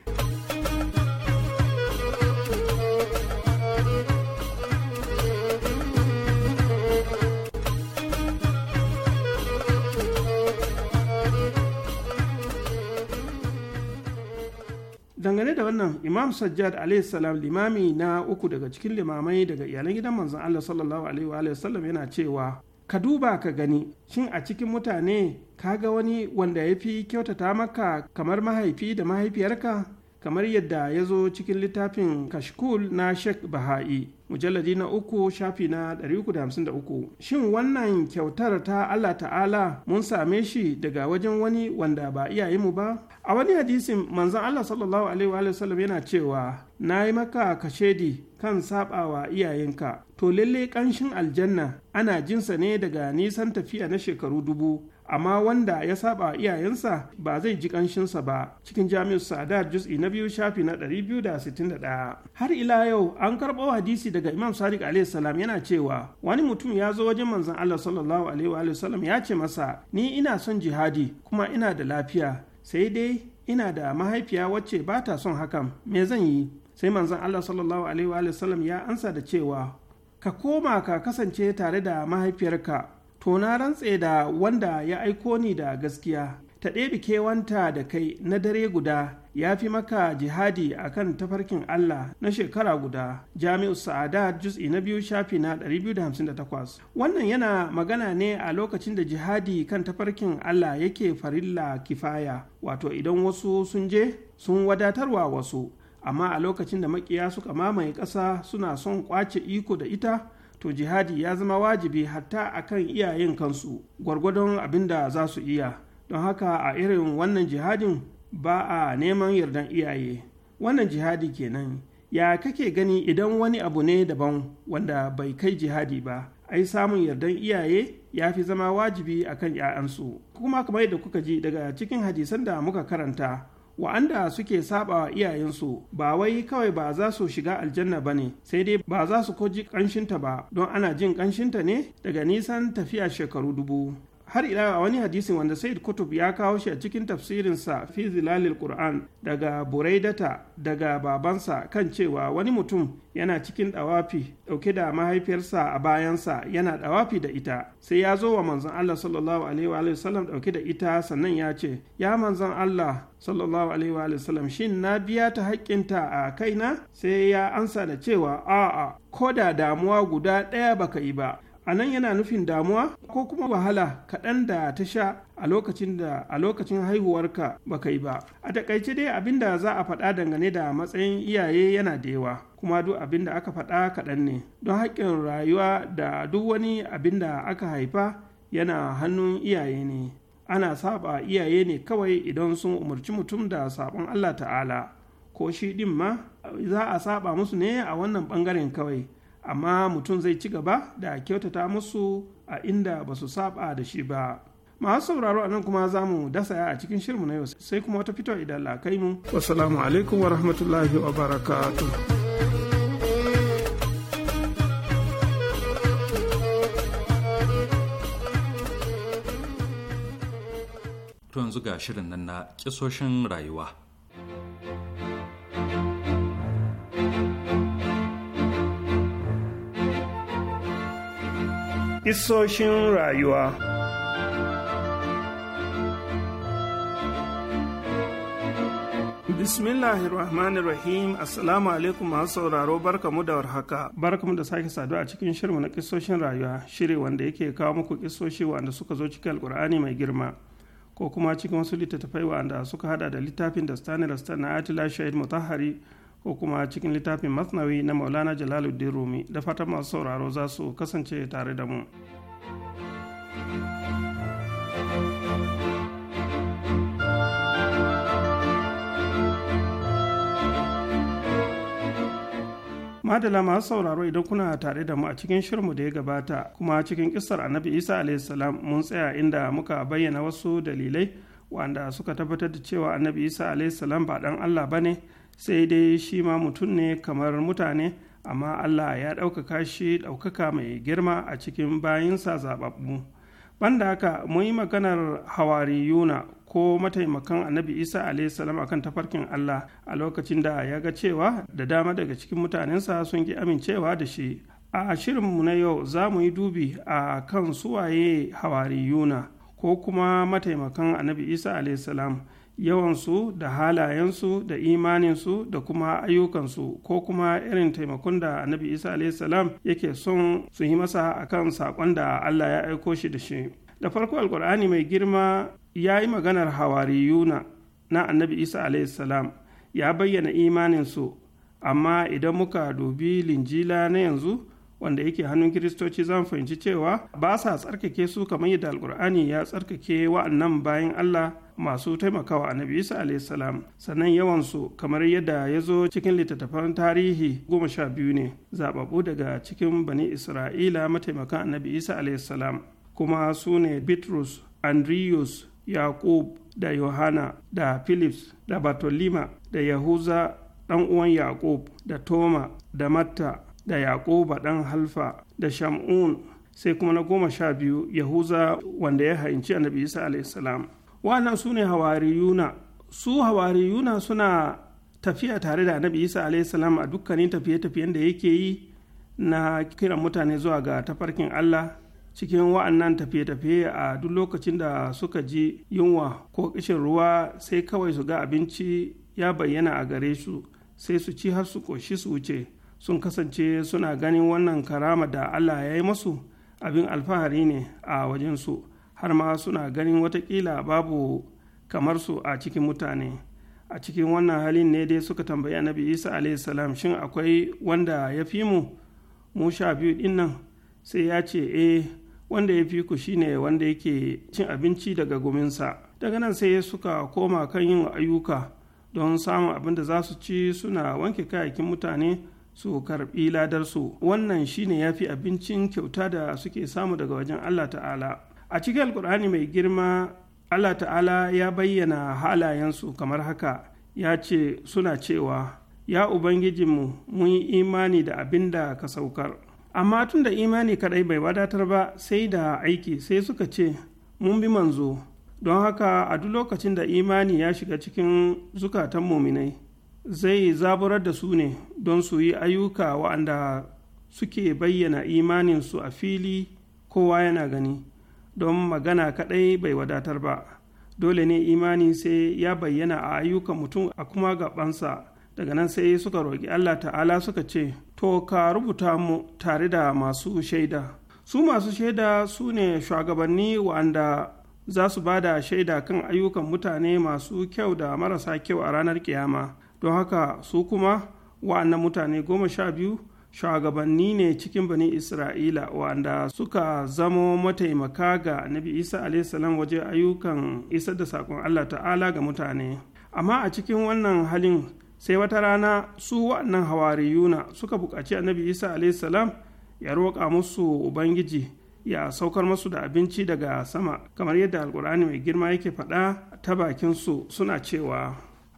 dangane da wannan imam sajjad alaihi salam limami na uku daga cikin limamai daga iyalan gidan manzon allah sallallahu alaihi wa sallam yana cewa ka duba ka gani shin a cikin mutane ka ga wani wanda ya fi kyautata maka kamar mahaifi da mahaifiyarka kamar yadda ya zo cikin littafin kashkul na sheikh baha'i mujalladi na uku shafi na 353 shin wannan kyautar ta Allah ta'ala mun same shi daga wajen wani wanda ba iyayenmu ba a wani hadisin manzon Allah sallallahu alaihi wa yana cewa na yi maka kashedi kan sabawa iyayenka to lalle kanshin aljanna ana jinsa ne daga nisan tafiya na shekaru dubu amma wanda ya saba iyayensa ba zai ji ƙanshinsa ba cikin jami'ar sadar juz'i na biyu shafi na 261 har ila yau an karɓo hadisi daga imam sadiq alaihi salam yana cewa wani mutum ya zo wajen manzon allah sallallahu alaihi wa ya ce masa ni ina son jihadi kuma ina da lafiya sai dai ina da mahaifiya wacce ba ta son hakan me zan yi sai manzon allah sallallahu alaihi wa ya ansa da cewa ka koma ka kasance tare da mahaifiyarka to na rantse da wanda ya aiko ni da gaskiya ta ɗebi kewanta da kai na dare guda ya fi maka jihadi a kan tafarkin Allah na shekara guda jami'u sa'adat jus'i na biyu shafi na 258 wannan yana magana ne a lokacin da jihadi kan tafarkin Allah yake farilla kifaya wato idan wasu sun je sun wadatarwa wasu amma a lokacin da makiya suka mamaye ƙasa suna son kwace iko da ita to jihadi ya zama wajibi hatta akan iyayen kansu gwargwadon abin da za su iya don haka a irin wannan jihadin ba a neman yardan iyaye wannan jihadi kenan ya kake gani idan wani abu ne daban wanda bai kai jihadi ba ai samun yardan iyaye ya fi zama wajibi akan 'ya'yansu kuma kamar yadda kuka ji daga cikin hadisan da muka karanta wa'anda suke saba wa iyayensu ba wai kawai ba za su shiga aljanna ba ne sai dai ba za su koji ƙanshinta ba don ana jin ƙanshinta ne daga nisan tafiya shekaru dubu har ila a wani hadisin wanda said kutub ya kawo shi a cikin tafsirinsa fi zilalil qur'an daga buraidata daga babansa kan cewa wani mutum yana cikin dawafi dauke da mahaifiyarsa a bayansa yana dawafi da ita sai ya zo wa manzon Allah sallallahu alaihi wa sallam dauke da ita sannan ya ce ya manzon Allah sallallahu alaihi wa sallam shin na biya ta haƙƙinta a kaina sai ya ansa da cewa a'a ko da damuwa guda ɗaya baka yi ba a nan yana nufin damuwa ko kuma wahala kaɗan da ta sha a lokacin da a lokacin haihuwarka ba kai ba a takaice dai abin da za a faɗa dangane da matsayin iyaye yana da yawa kuma duk abin da aka faɗa kaɗan ne don haƙƙin rayuwa da duk wani abin da aka haifa yana hannun iyaye ne ana saba iyaye ne kawai idan sun umarci mutum da saɓon allah ta'ala ko shi ɗin ma za a saba musu ne a wannan ɓangaren kawai amma mutum zai ci gaba da kyautata musu a inda ba su saba da shi ba masu sauraro a nan kuma za mu dasa a cikin shirmu na yau sai kuma wata fito idan la kai mu wasalamu alaikum wa rahmatullahi wa barakatuh to yanzu ga shirin nan na kisoshin rayuwa. isoshin rayuwa. Bismillahirrahmanirrahim Assalamu alaikum masu sauraro barkamu da warhaka barkamu da sake saduwa a cikin shirmu na kisoshin rayuwa shiri wanda yake kawo muku kisoshi wanda suka zo cikin alkur'ani mai girma ko kuma cikin wasu littattafai wanda suka hada da littafin da stanley na atila shahid mutahari ko kuma cikin littafin masnawi na maulana jalaluddin rumi da fatan masu sauraro za su kasance tare da mu madala masu sauraro idan kuna tare da mu a cikin shirmu da ya gabata kuma cikin kisar annabi isa alaihissalam mun tsaya inda muka bayyana wasu dalilai wanda suka tabbatar da cewa annabi isa alaihissalam ba dan allah ba ne sai dai shi ma mutum ne kamar mutane amma allah ya ɗaukaka shi ɗaukaka mai girma a cikin bayinsa zaɓaɓɓu banda haka mun yi maganar yuna ko mataimakan annabi isa salam akan tafarkin allah a lokacin da ya ga cewa da dama daga cikin mutanensa sun ki amincewa da shi a shirinmu na yau za mu yi dubi a kan suwaye yuna ko kuma mataimakan annabi isa salam yawansu da halayensu da imaninsu da kuma ayyukansu ko kuma irin taimakon da annabi isa salam yake son su yi masa a kan saƙon da allah ya aiko shi da shi da farko alkur'ani mai girma ya yi maganar hawariyuna na annabi isa salam ya bayyana imaninsu amma idan muka dubi linjila na yanzu wanda yake hannun kiristoci zan fahimci cewa ba sa tsarkake su kamar yadda alkur'ani ya tsarkake wa'annan bayan allah masu taimakawa annabi isa alaihissalam sannan yawansu kamar yadda ya zo cikin littattafan tarihi goma sha biyu ne zababu daga cikin bani isra'ila mataimakan annabi isa alaihissalam kuma su ne bitrus andrius Yaqub, da yohana da philips da bartolima da yahuza dan uwan Yaqub, da toma da matta da yaƙuba ɗan halfa da shamun sai kuma na goma sha biyu yahuza wanda ya hainci annabi isa alaihissalam wannan su ne hawariyuna su hawariyuna suna tafiya tare da annabi isa alaihissalam a dukkanin tafiye-tafiyen da yake yi na kiran mutane zuwa ga tafarkin allah cikin wa'annan tafiye-tafiye a duk lokacin da suka ji yunwa ko kishin ruwa sai kawai su ga abinci ya bayyana a gare su sai su ci har su ƙoshi su wuce sun kasance suna ganin wannan karama da allah ya yi masu abin alfahari ne a wajensu har ma suna ganin watakila babu kamar su a cikin mutane a cikin wannan halin ne dai suka tambayi annabi isa salam shin akwai wanda ya fi mu mu sha biyu dinnan sai ya ce eh wanda ya fi ku shine wanda yake cin abinci daga guminsa daga nan sai suka koma kan yin ayyuka don samun abin da za su ci suna wanke kayakin mutane su karɓi ladarsu wannan shine ya fi abincin kyauta da suke samu daga wajen allah ta'ala a cikin alkur'ani mai girma allah ta'ala ya bayyana halayensu kamar haka ya ce suna cewa ya ubangijinmu mun yi imani da abin da ka saukar amma tun da imani kadai bai wadatar ba sai da aiki sai suka ce mun bi manzo don haka a duk lokacin da imani ya shiga cikin zukatan muminai zai zaburar da su ne don su yi ayyuka wa'anda suke bayyana imaninsu a fili kowa yana gani don magana kaɗai bai wadatar ba dole ne imani sai ya bayyana a ayyukan mutum a kuma gabansa daga nan sai suka roƙi allah ta'ala suka ce to ka rubuta mu tare da masu shaida su masu shaida su ne shugabanni wa'anda za su ba da shaida kan ayyukan mutane masu kyau da marasa kyau a ranar kiyama don haka su kuma wa'annan mutane goma sha biyu shugabanni ne cikin bani isra'ila wanda suka zamo mataimaka ga Nabi isa salam waje ayyukan isar da saƙon allah ta'ala ga mutane amma a cikin wannan halin sai wata rana su wa'annan hawariyuna suka buƙaci annabi isa salam ya roƙa musu ubangiji ya saukar masu da abinci daga sama kamar yadda alkur'ani mai girma yake faɗa ta bakinsu suna cewa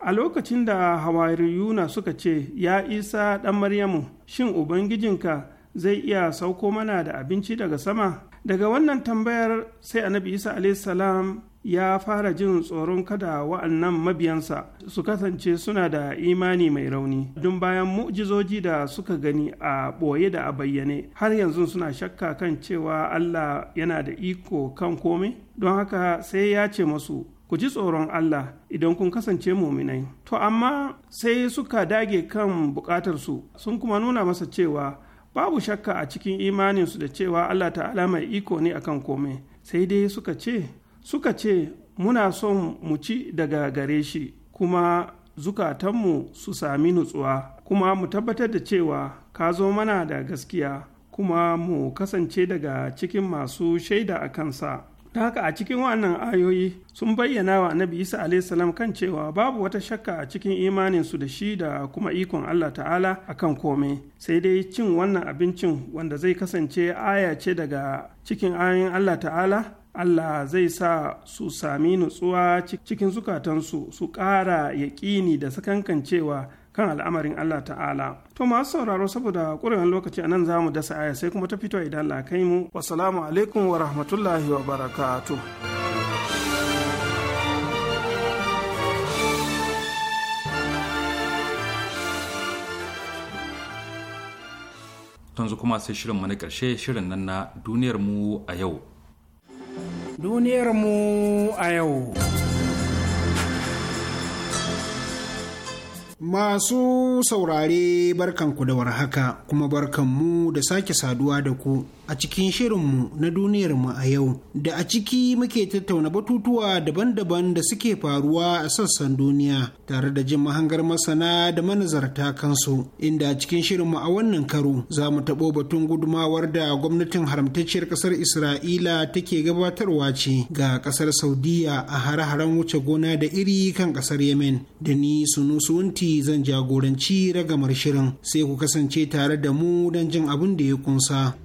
a lokacin da hawariyuna suka ce ya isa ɗan maryamu shin ubangijinka zai iya sauko mana da abinci daga sama daga wannan tambayar sai annabi isa salam ya fara jin tsoron kada wa'annan mabiyansa su kasance suna da imani mai rauni don bayan mu'jizoji da suka gani a ɓoye da a bayyane har yanzu suna shakka kan cewa allah yana da iko kan komai, don haka sai ya ce masu ku ji tsoron Allah idan kun kasance muminai. To amma sai suka dage kan bukatarsu sun kuma nuna masa cewa babu shakka a cikin imaninsu da cewa Allah ta'ala mai iko ne akan komai sai dai suka ce suka ce muna son mu ci daga gare shi kuma zukatanmu su sami nutsuwa kuma mu tabbatar da cewa ka zo mana da gaskiya kuma mu kasance daga cikin masu shaida a kansa. ta haka a cikin wannan ayoyi sun bayyana wa annabi isa alaihissalam kan cewa babu wata shakka a cikin imaninsu da shi da kuma ikon allah ta'ala akan komai sai dai cin wannan abincin wanda zai kasance aya ce daga cikin ayoyin allah ta'ala allah zai sa su sami nutsuwa cikin zukatansu su ƙara yaƙini da sakankan cewa kan al'amarin Allah ta'ala. To masu sauraro saboda ƙurewar lokaci a nan za mu dasa aya sai kuma ta fito idan la kai mu. Wasalamu alaikum wa rahmatullahi wa barakatu Tanzu kuma sai shirin na ƙarshe shirin nan na duniyar mu a yau. Duniyar mu a yau. Masu saurare barkanku da warhaka kuma barkanmu da sake saduwa da ku a cikin shirinmu na duniyar mu a yau da a ciki muke tattauna batutuwa daban-daban da suke faruwa a sassan duniya tare da jin mahangar masana da manazarta kansu inda a cikin shirinmu a wannan karo za mu taɓo batun gudumawar da gwamnatin haramtacciyar ƙasar isra'ila take gabatarwa ce ga ƙasar saudiya a hare-haren wuce gona da iri kan ƙasar yemen da ni sunusunti zan jagoranci ragamar shirin sai ku kasance tare da mu don jin abin da ya kunsa.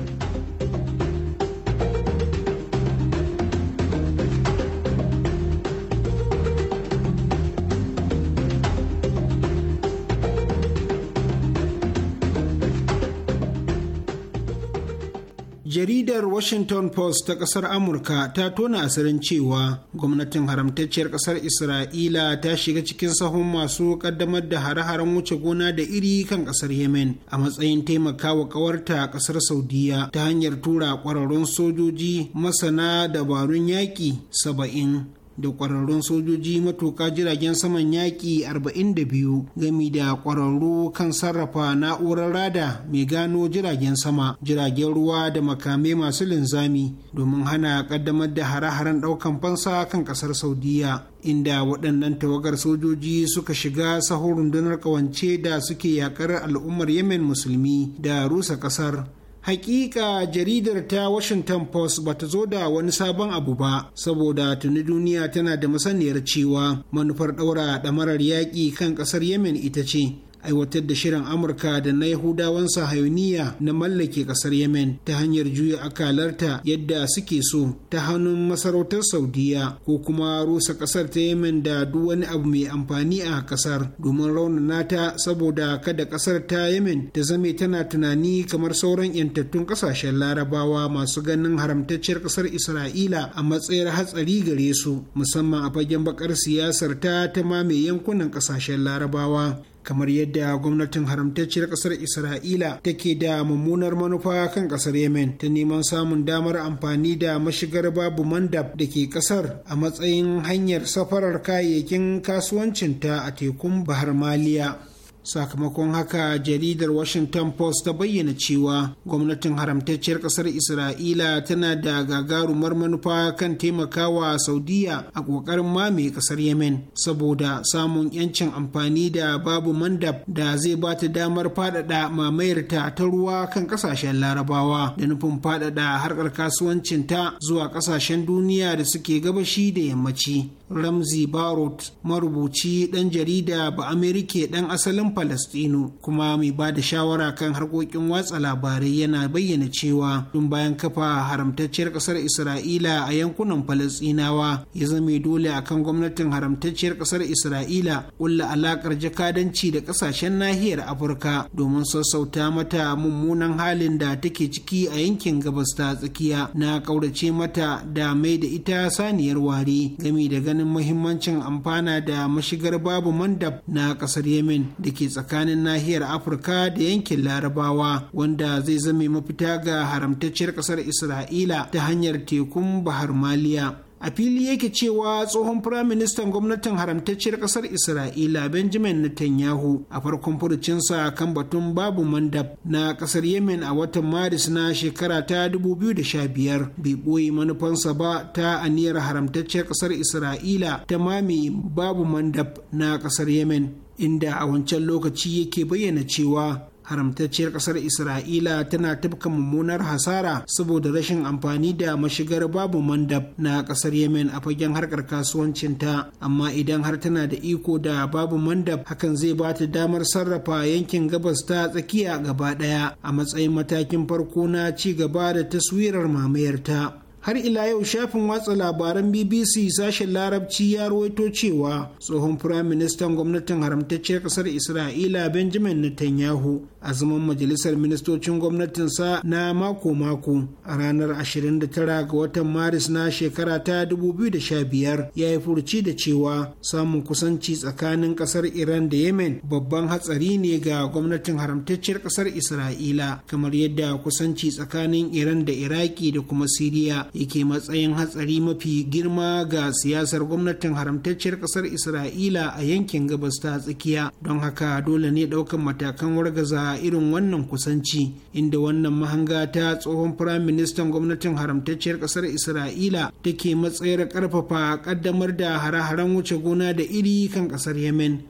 jaridar washington post ta kasar amurka ta tona asirin cewa gwamnatin haramtacciyar kasar isra'ila ta shiga cikin sahun masu kaddamar da hare-haren wuce gona da iri kan kasar yemen a matsayin taimakawa kawarta kasar saudiya ta hanyar tura kwararrun sojoji masana dabarun yaƙi saba'in da kwararrun sojoji matuka jiragen saman yaƙi 42 gami da kwararru kan sarrafa na'urar rada mai gano jiragen sama jiragen ruwa da makamai masu linzami domin hana ƙaddamar da hare-haren ɗaukan fansa kan ƙasar saudiya inda waɗannan tawagar sojoji suka shiga sahun rundunar ƙawance da suke yaƙar al'ummar yemen musulmi da rusa ƙasar hakika jaridar ta washington post ba ta zo da wani sabon abu ba saboda tuni duniya tana da masaniyar cewa manufar ɗaura ɗamarar yaƙi kan ƙasar yemen ita ce aiwatar da shirin amurka da na yahudawan sahayuniya na mallake kasar yemen ta hanyar juya akalarta yadda suke so ta hannun masarautar saudiya ko kuma rusa kasar ta yemen da duk wani abu mai amfani a kasar domin raunana ta saboda kada kasar ta yemen ta zame tana tunani kamar sauran yantattun kasashen larabawa masu ganin haramtacciyar kasar isra'ila a matsayar hatsari gare su musamman a fagen bakar siyasar ta ta mame yankunan kasashen larabawa kamar yadda gwamnatin haramtacciyar ƙasar isra'ila take da mummunar manufa kan ƙasar yemen ta neman samun damar amfani da mashigar babu mandab da ke kasar a matsayin hanyar safarar kayayyakin kasuwancinta a tekun bahar maliya sakamakon haka jaridar washington post ta bayyana cewa gwamnatin haramtacciyar kasar isra'ila tana da gagarumar manufa kan taimakawa saudiya a ƙoƙarin mame kasar yemen saboda samun yancin amfani da babu mandab da zai ba ta damar faɗaɗa mamayarta ta ruwa kan ƙasashen larabawa da nufin faɗaɗa harkar kasuwancinta zuwa ƙasashen duniya da suke gabashi da yammaci ramzi barot marubuci ɗan jarida ba amerika dan asalin Falastinu kuma mai ba da shawara kan harkokin watsa labarai yana bayyana cewa tun bayan kafa haramtacciyar ƙasar Isra'ila a yankunan Falastinawa ya zame dole akan gwamnatin haramtacciyar ƙasar Isra'ila ƙulla alaƙar jakadanci da ƙasashen nahiyar Afirka domin sassauta mata mummunan halin da take ciki a yankin gabas ta tsakiya na ƙaurace mata da mai da ita saniyar wari gami da ganin muhimmancin amfana da mashigar babu mandab na ƙasar Yemen da ke tsakanin nahiyar afirka da yankin larabawa wanda zai zame mafita ga haramtacciyar ƙasar isra'ila ta hanyar tekun bahar maliya a fili yake cewa tsohon firaministan gwamnatin haramtacciyar kasar isra'ila benjamin netanyahu a farkon furucinsa kan batun babu mandab na kasar yemen a watan maris na shekara ta 2015 bai ɓoye manufansa ba ta aniyar haramtacciyar kasar isra'ila ta mame babu mandab na kasar yemen inda a wancan lokaci yake bayyana cewa haramtacciyar ƙasar isra'ila tana tafka mummunar hasara saboda rashin amfani da mashigar babu mandab na ƙasar yemen a fagen harkar kasuwancinta amma idan har tana da iko da babu mandab hakan zai ba ta damar sarrafa yankin gabas ta tsakiya gaba ɗaya a matsayin matakin farko na ci gaba da taswirar mamayarta har ila yau shafin watsa labaran bbc sashen larabci ya ruwaito cewa tsohon firaministan gwamnatin haramtacciyar kasar isra'ila benjamin netanyahu a zaman majalisar ministocin gwamnatinsa na mako-mako a ranar 29 ga watan maris na shekara ta 2015 ya yi furci da cewa samun kusanci tsakanin kasar iran da yemen babban hatsari ne ga gwamnatin haramtacciyar kasar isra'ila kamar yadda kusanci tsakanin iran da iraki da kuma siriya yake matsayin hatsari mafi girma ga siyasar gwamnatin haramtacciyar kasar isra'ila a yankin gabas ta tsakiya don haka dole ne daukan matakan wargaza irin wannan kusanci inda wannan mahanga ta tsohon firaministan gwamnatin haramtacciyar kasar isra'ila take matsayar karfafa kaddamar da hare-haren wuce gona da iri kan kasar yemen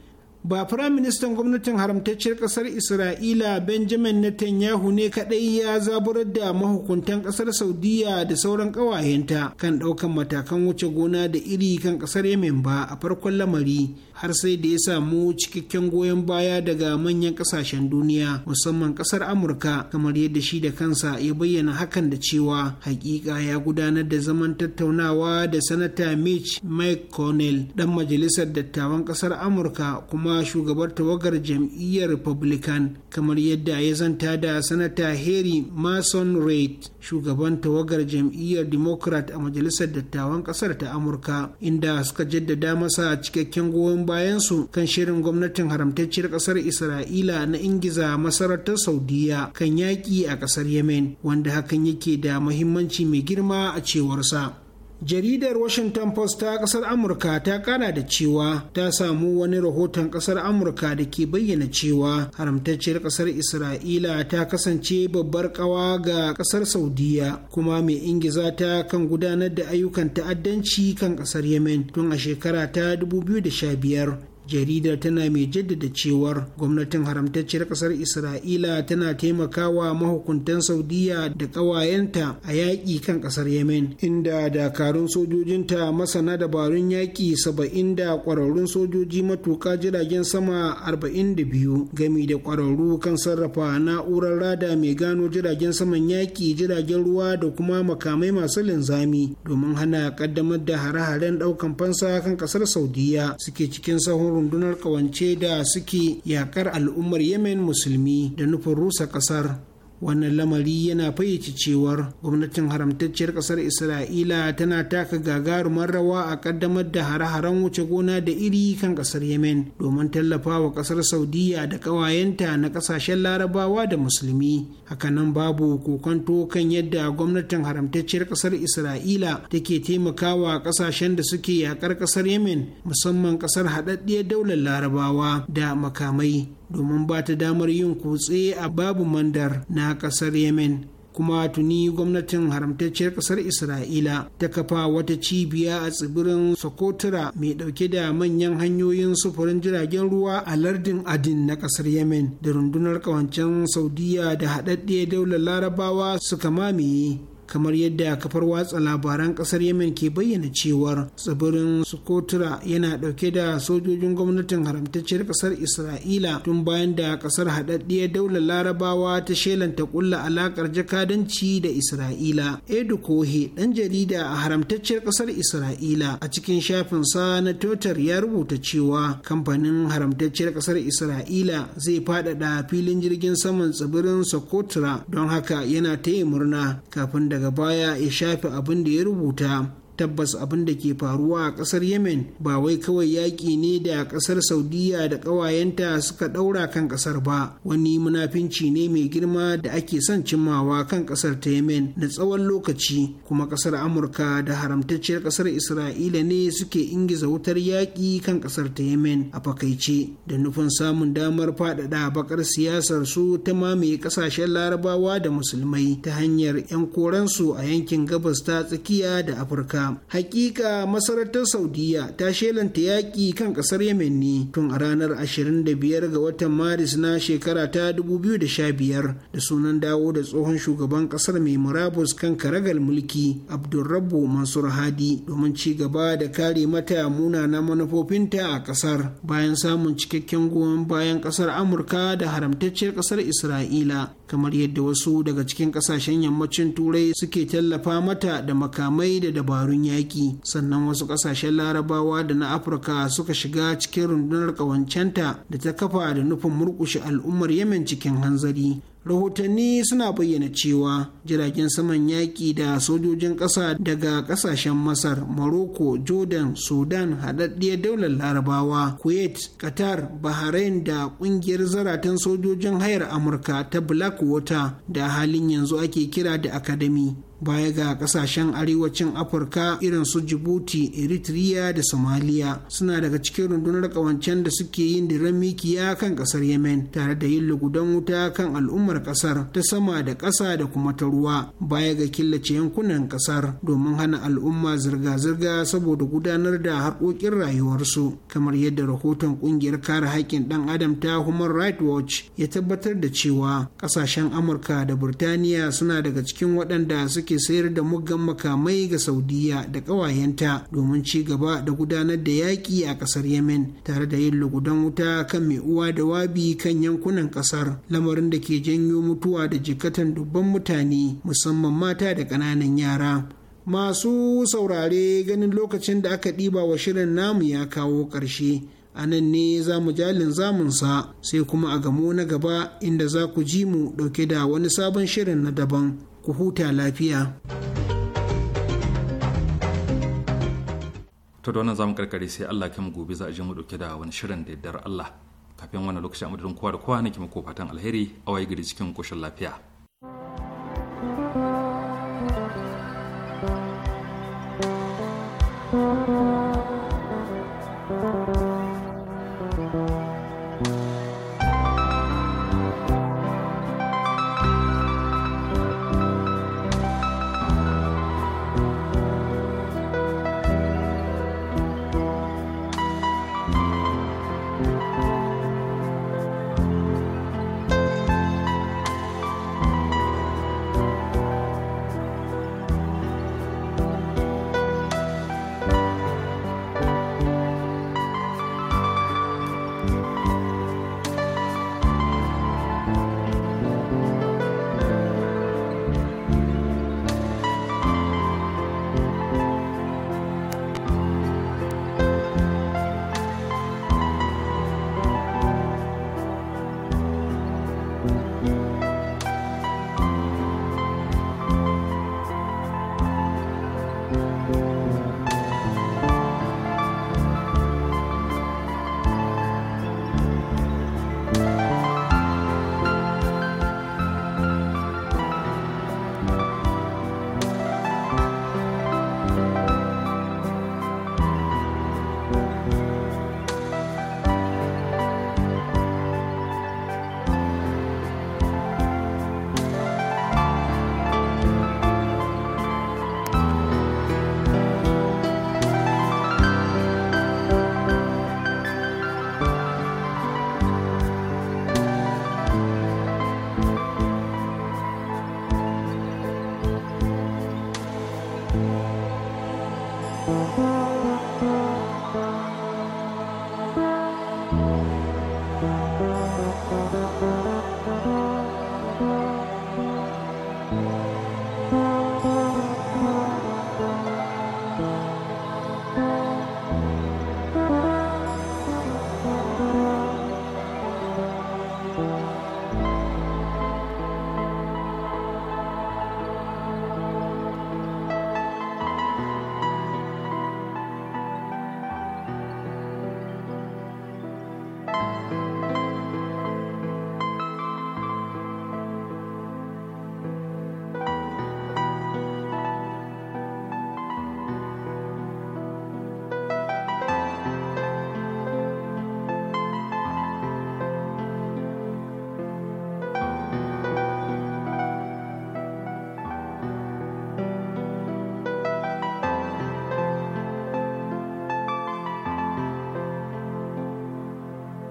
ba firaministan gwamnatin haramtacciyar kasar isra'ila benjamin netanyahu ne kadai ya zaburar da mahukuntan kasar saudiya da sauran kawayenta kan daukan matakan wuce gona da iri kan kasar yemen ba a farkon lamari har sai da ya samu cikakken goyon baya daga manyan kasashen duniya musamman kasar amurka kamar yadda shi da kansa ya bayyana hakan da cewa hakika ya gudanar da zaman tattaunawa da sanata mitch mcconnell dan majalisar dattawan kasar amurka kuma shugabar tawagar jam'iyyar republican kamar yadda ya zanta da sanata harry mason reid shugaban tawagar jam'iyyar democrat a majalisar dattawan kasar ta amurka inda suka jaddada masa cikakken goyon bayansu kan shirin gwamnatin haramtacciyar kasar isra'ila na ingiza masarautar saudiya kan yaƙi a kasar yemen wanda hakan yake da muhimmanci mai girma a cewarsa jaridar washington post ta kasar amurka ta kara da cewa ta samu wani rahoton kasar amurka da ke bayyana cewa haramtacciyar kasar isra'ila ta kasance babbar kawa ga kasar saudiya kuma mai ingiza ta kan gudanar da ayyukan ta'addanci kan kasar yemen tun a shekara ta 2015 jaridar tana mai jaddada cewar gwamnatin haramtacciyar kasar isra'ila tana taimakawa mahukuntan saudiya da ƙawayenta a yaƙi kan ƙasar yemen inda dakarun sojojinta masana dabarun yaƙi saba'in da ƙwararrun sojoji matuƙa jiragen sama arba'in da biyu gami da ƙwararru kan sarrafa na'urar rada mai gano jiragen saman yaƙi jiragen ruwa da kuma makamai masu linzami domin hana ƙaddamar da hare-haren ɗaukan fansa kan ƙasar saudiya suke cikin sahun rundunar kawance da suke yakar al'ummar yemen musulmi da nufin rusa kasar wannan lamari yana fayyace cewar gwamnatin haramtacciyar ƙasar isra'ila tana taka gagarumar rawa a ƙaddamar da hare-haren wuce gona da iri kan ƙasar yemen domin tallafa wa kasar saudiya da ƙawayenta na ƙasashen larabawa da musulmi hakanan babu kokonto kan yadda gwamnatin haramtacciyar ƙasar isra'ila take taimakawa ƙasashen da suke yakar ƙasar yemen musamman ƙasar haɗaɗɗiyar daular larabawa da makamai domin ba ta damar yin kutse a babu mandar na ƙasar yemen kuma tuni gwamnatin haramtacciyar kasar isra'ila ta kafa wata cibiya a tsibirin sokotura mai dauke da manyan hanyoyin sufurin jiragen ruwa a lardin adin na kasar yemen da rundunar kawancen saudiya da haɗaɗɗe daular larabawa suka mamaye kamar yadda kafar watsa labaran kasar yemen ke bayyana cewar tsibirin sukotura yana dauke da sojojin gwamnatin haramtacciyar kasar isra'ila tun bayan da kasar haɗaɗɗiyar daular larabawa ta ta kulla alakar jakadanci da isra'ila edu kohe ɗan jarida a haramtacciyar kasar isra'ila a cikin shafin sa na totar ya rubuta cewa kamfanin haramtacciyar kasar isra'ila zai faɗaɗa filin jirgin saman tsibirin sokotura don haka yana ta yi murna kafin da daga baya ya shafe abin da ya rubuta tabbas abin da ke faruwa a kasar yemen ba wai kawai yaƙi ne da kasar saudiya da ƙawayenta suka ɗaura kan kasar ba wani munafinci ne mai girma da ake son cimmawa kan kasar ta yemen na tsawon lokaci kuma kasar amurka da haramtacciyar kasar isra'ila ne suke ingiza wutar yaƙi kan kasar ta yemen a fakaice da nufin samun damar faɗaɗa bakar siyasar su ta mamaye ƙasashen larabawa da musulmai ta hanyar 'yan koransu a yankin gabas ta tsakiya da afirka Haƙiƙa! hakika masarautar saudiya ta shelanta yaƙi kan ƙasar yemen ne tun a ranar 25 ga watan maris na shekara ta 2015 da sunan dawo da tsohon shugaban ƙasar mai murabus kan karagal mulki abdulrabbu mansur hadi domin ci gaba da kare mata munana manufofinta a ƙasar bayan samun cikakken goyon bayan ƙasar amurka da haramtacciyar ƙasar isra'ila kamar yadda wasu daga cikin kasashen yammacin turai suke tallafa mata da makamai da dabarun yaƙi sannan wasu kasashen larabawa da na afirka suka shiga cikin rundunar ƙawancenta da ta kafa da nufin murƙushe al'ummar yemen cikin hanzari rahotanni suna bayyana cewa jiragen saman yaƙi da sojojin ƙasa daga ƙasashen masar maroko jordan sudan haɗaɗɗiyar daular larabawa kuwait qatar bahrain da ƙungiyar zaratan sojojin hayar amurka ta blackwater da halin yanzu ake kira da academy baya ga kasashen arewacin afirka irin su jibuti eritrea da somalia suna daga cikin rundunar kawancen da suke yin diran mikiya kan kasar yemen tare da yin lugudan wuta kan al'ummar kasar ta sama da ƙasa da kuma ta ruwa baya ga killace yankunan kasar domin hana al'umma zirga-zirga saboda gudanar da harkokin rayuwarsu kamar yadda rahoton kungiyar kare haƙƙin dan adam ta human rights watch ya tabbatar da cewa kasashen amurka da burtaniya suna daga cikin waɗanda suke suke sayar da muggan makamai ga saudiya da ƙawayenta domin ci gaba da gudanar da yaƙi a ƙasar yemen tare da yin lugudan wuta kan mai uwa da wabi kan yankunan ƙasar lamarin da ke janyo mutuwa da jikatan dubban mutane musamman mata da ƙananan yara masu saurare ganin lokacin da aka ɗiba wa shirin namu ya kawo ƙarshe a nan ne za mu jalin zamunsa sai kuma a gamo na gaba inda za ku ji mu ɗauke da wani sabon shirin na daban ku huta lafiya. to da wannan zamu karkare sai Allah kan gobe za a je mu dauke da wani shirin da yaddar Allah kafin wannan lokaci a madadin kowa da kowa nake muku fatan alheri a waye gari cikin koshin lafiya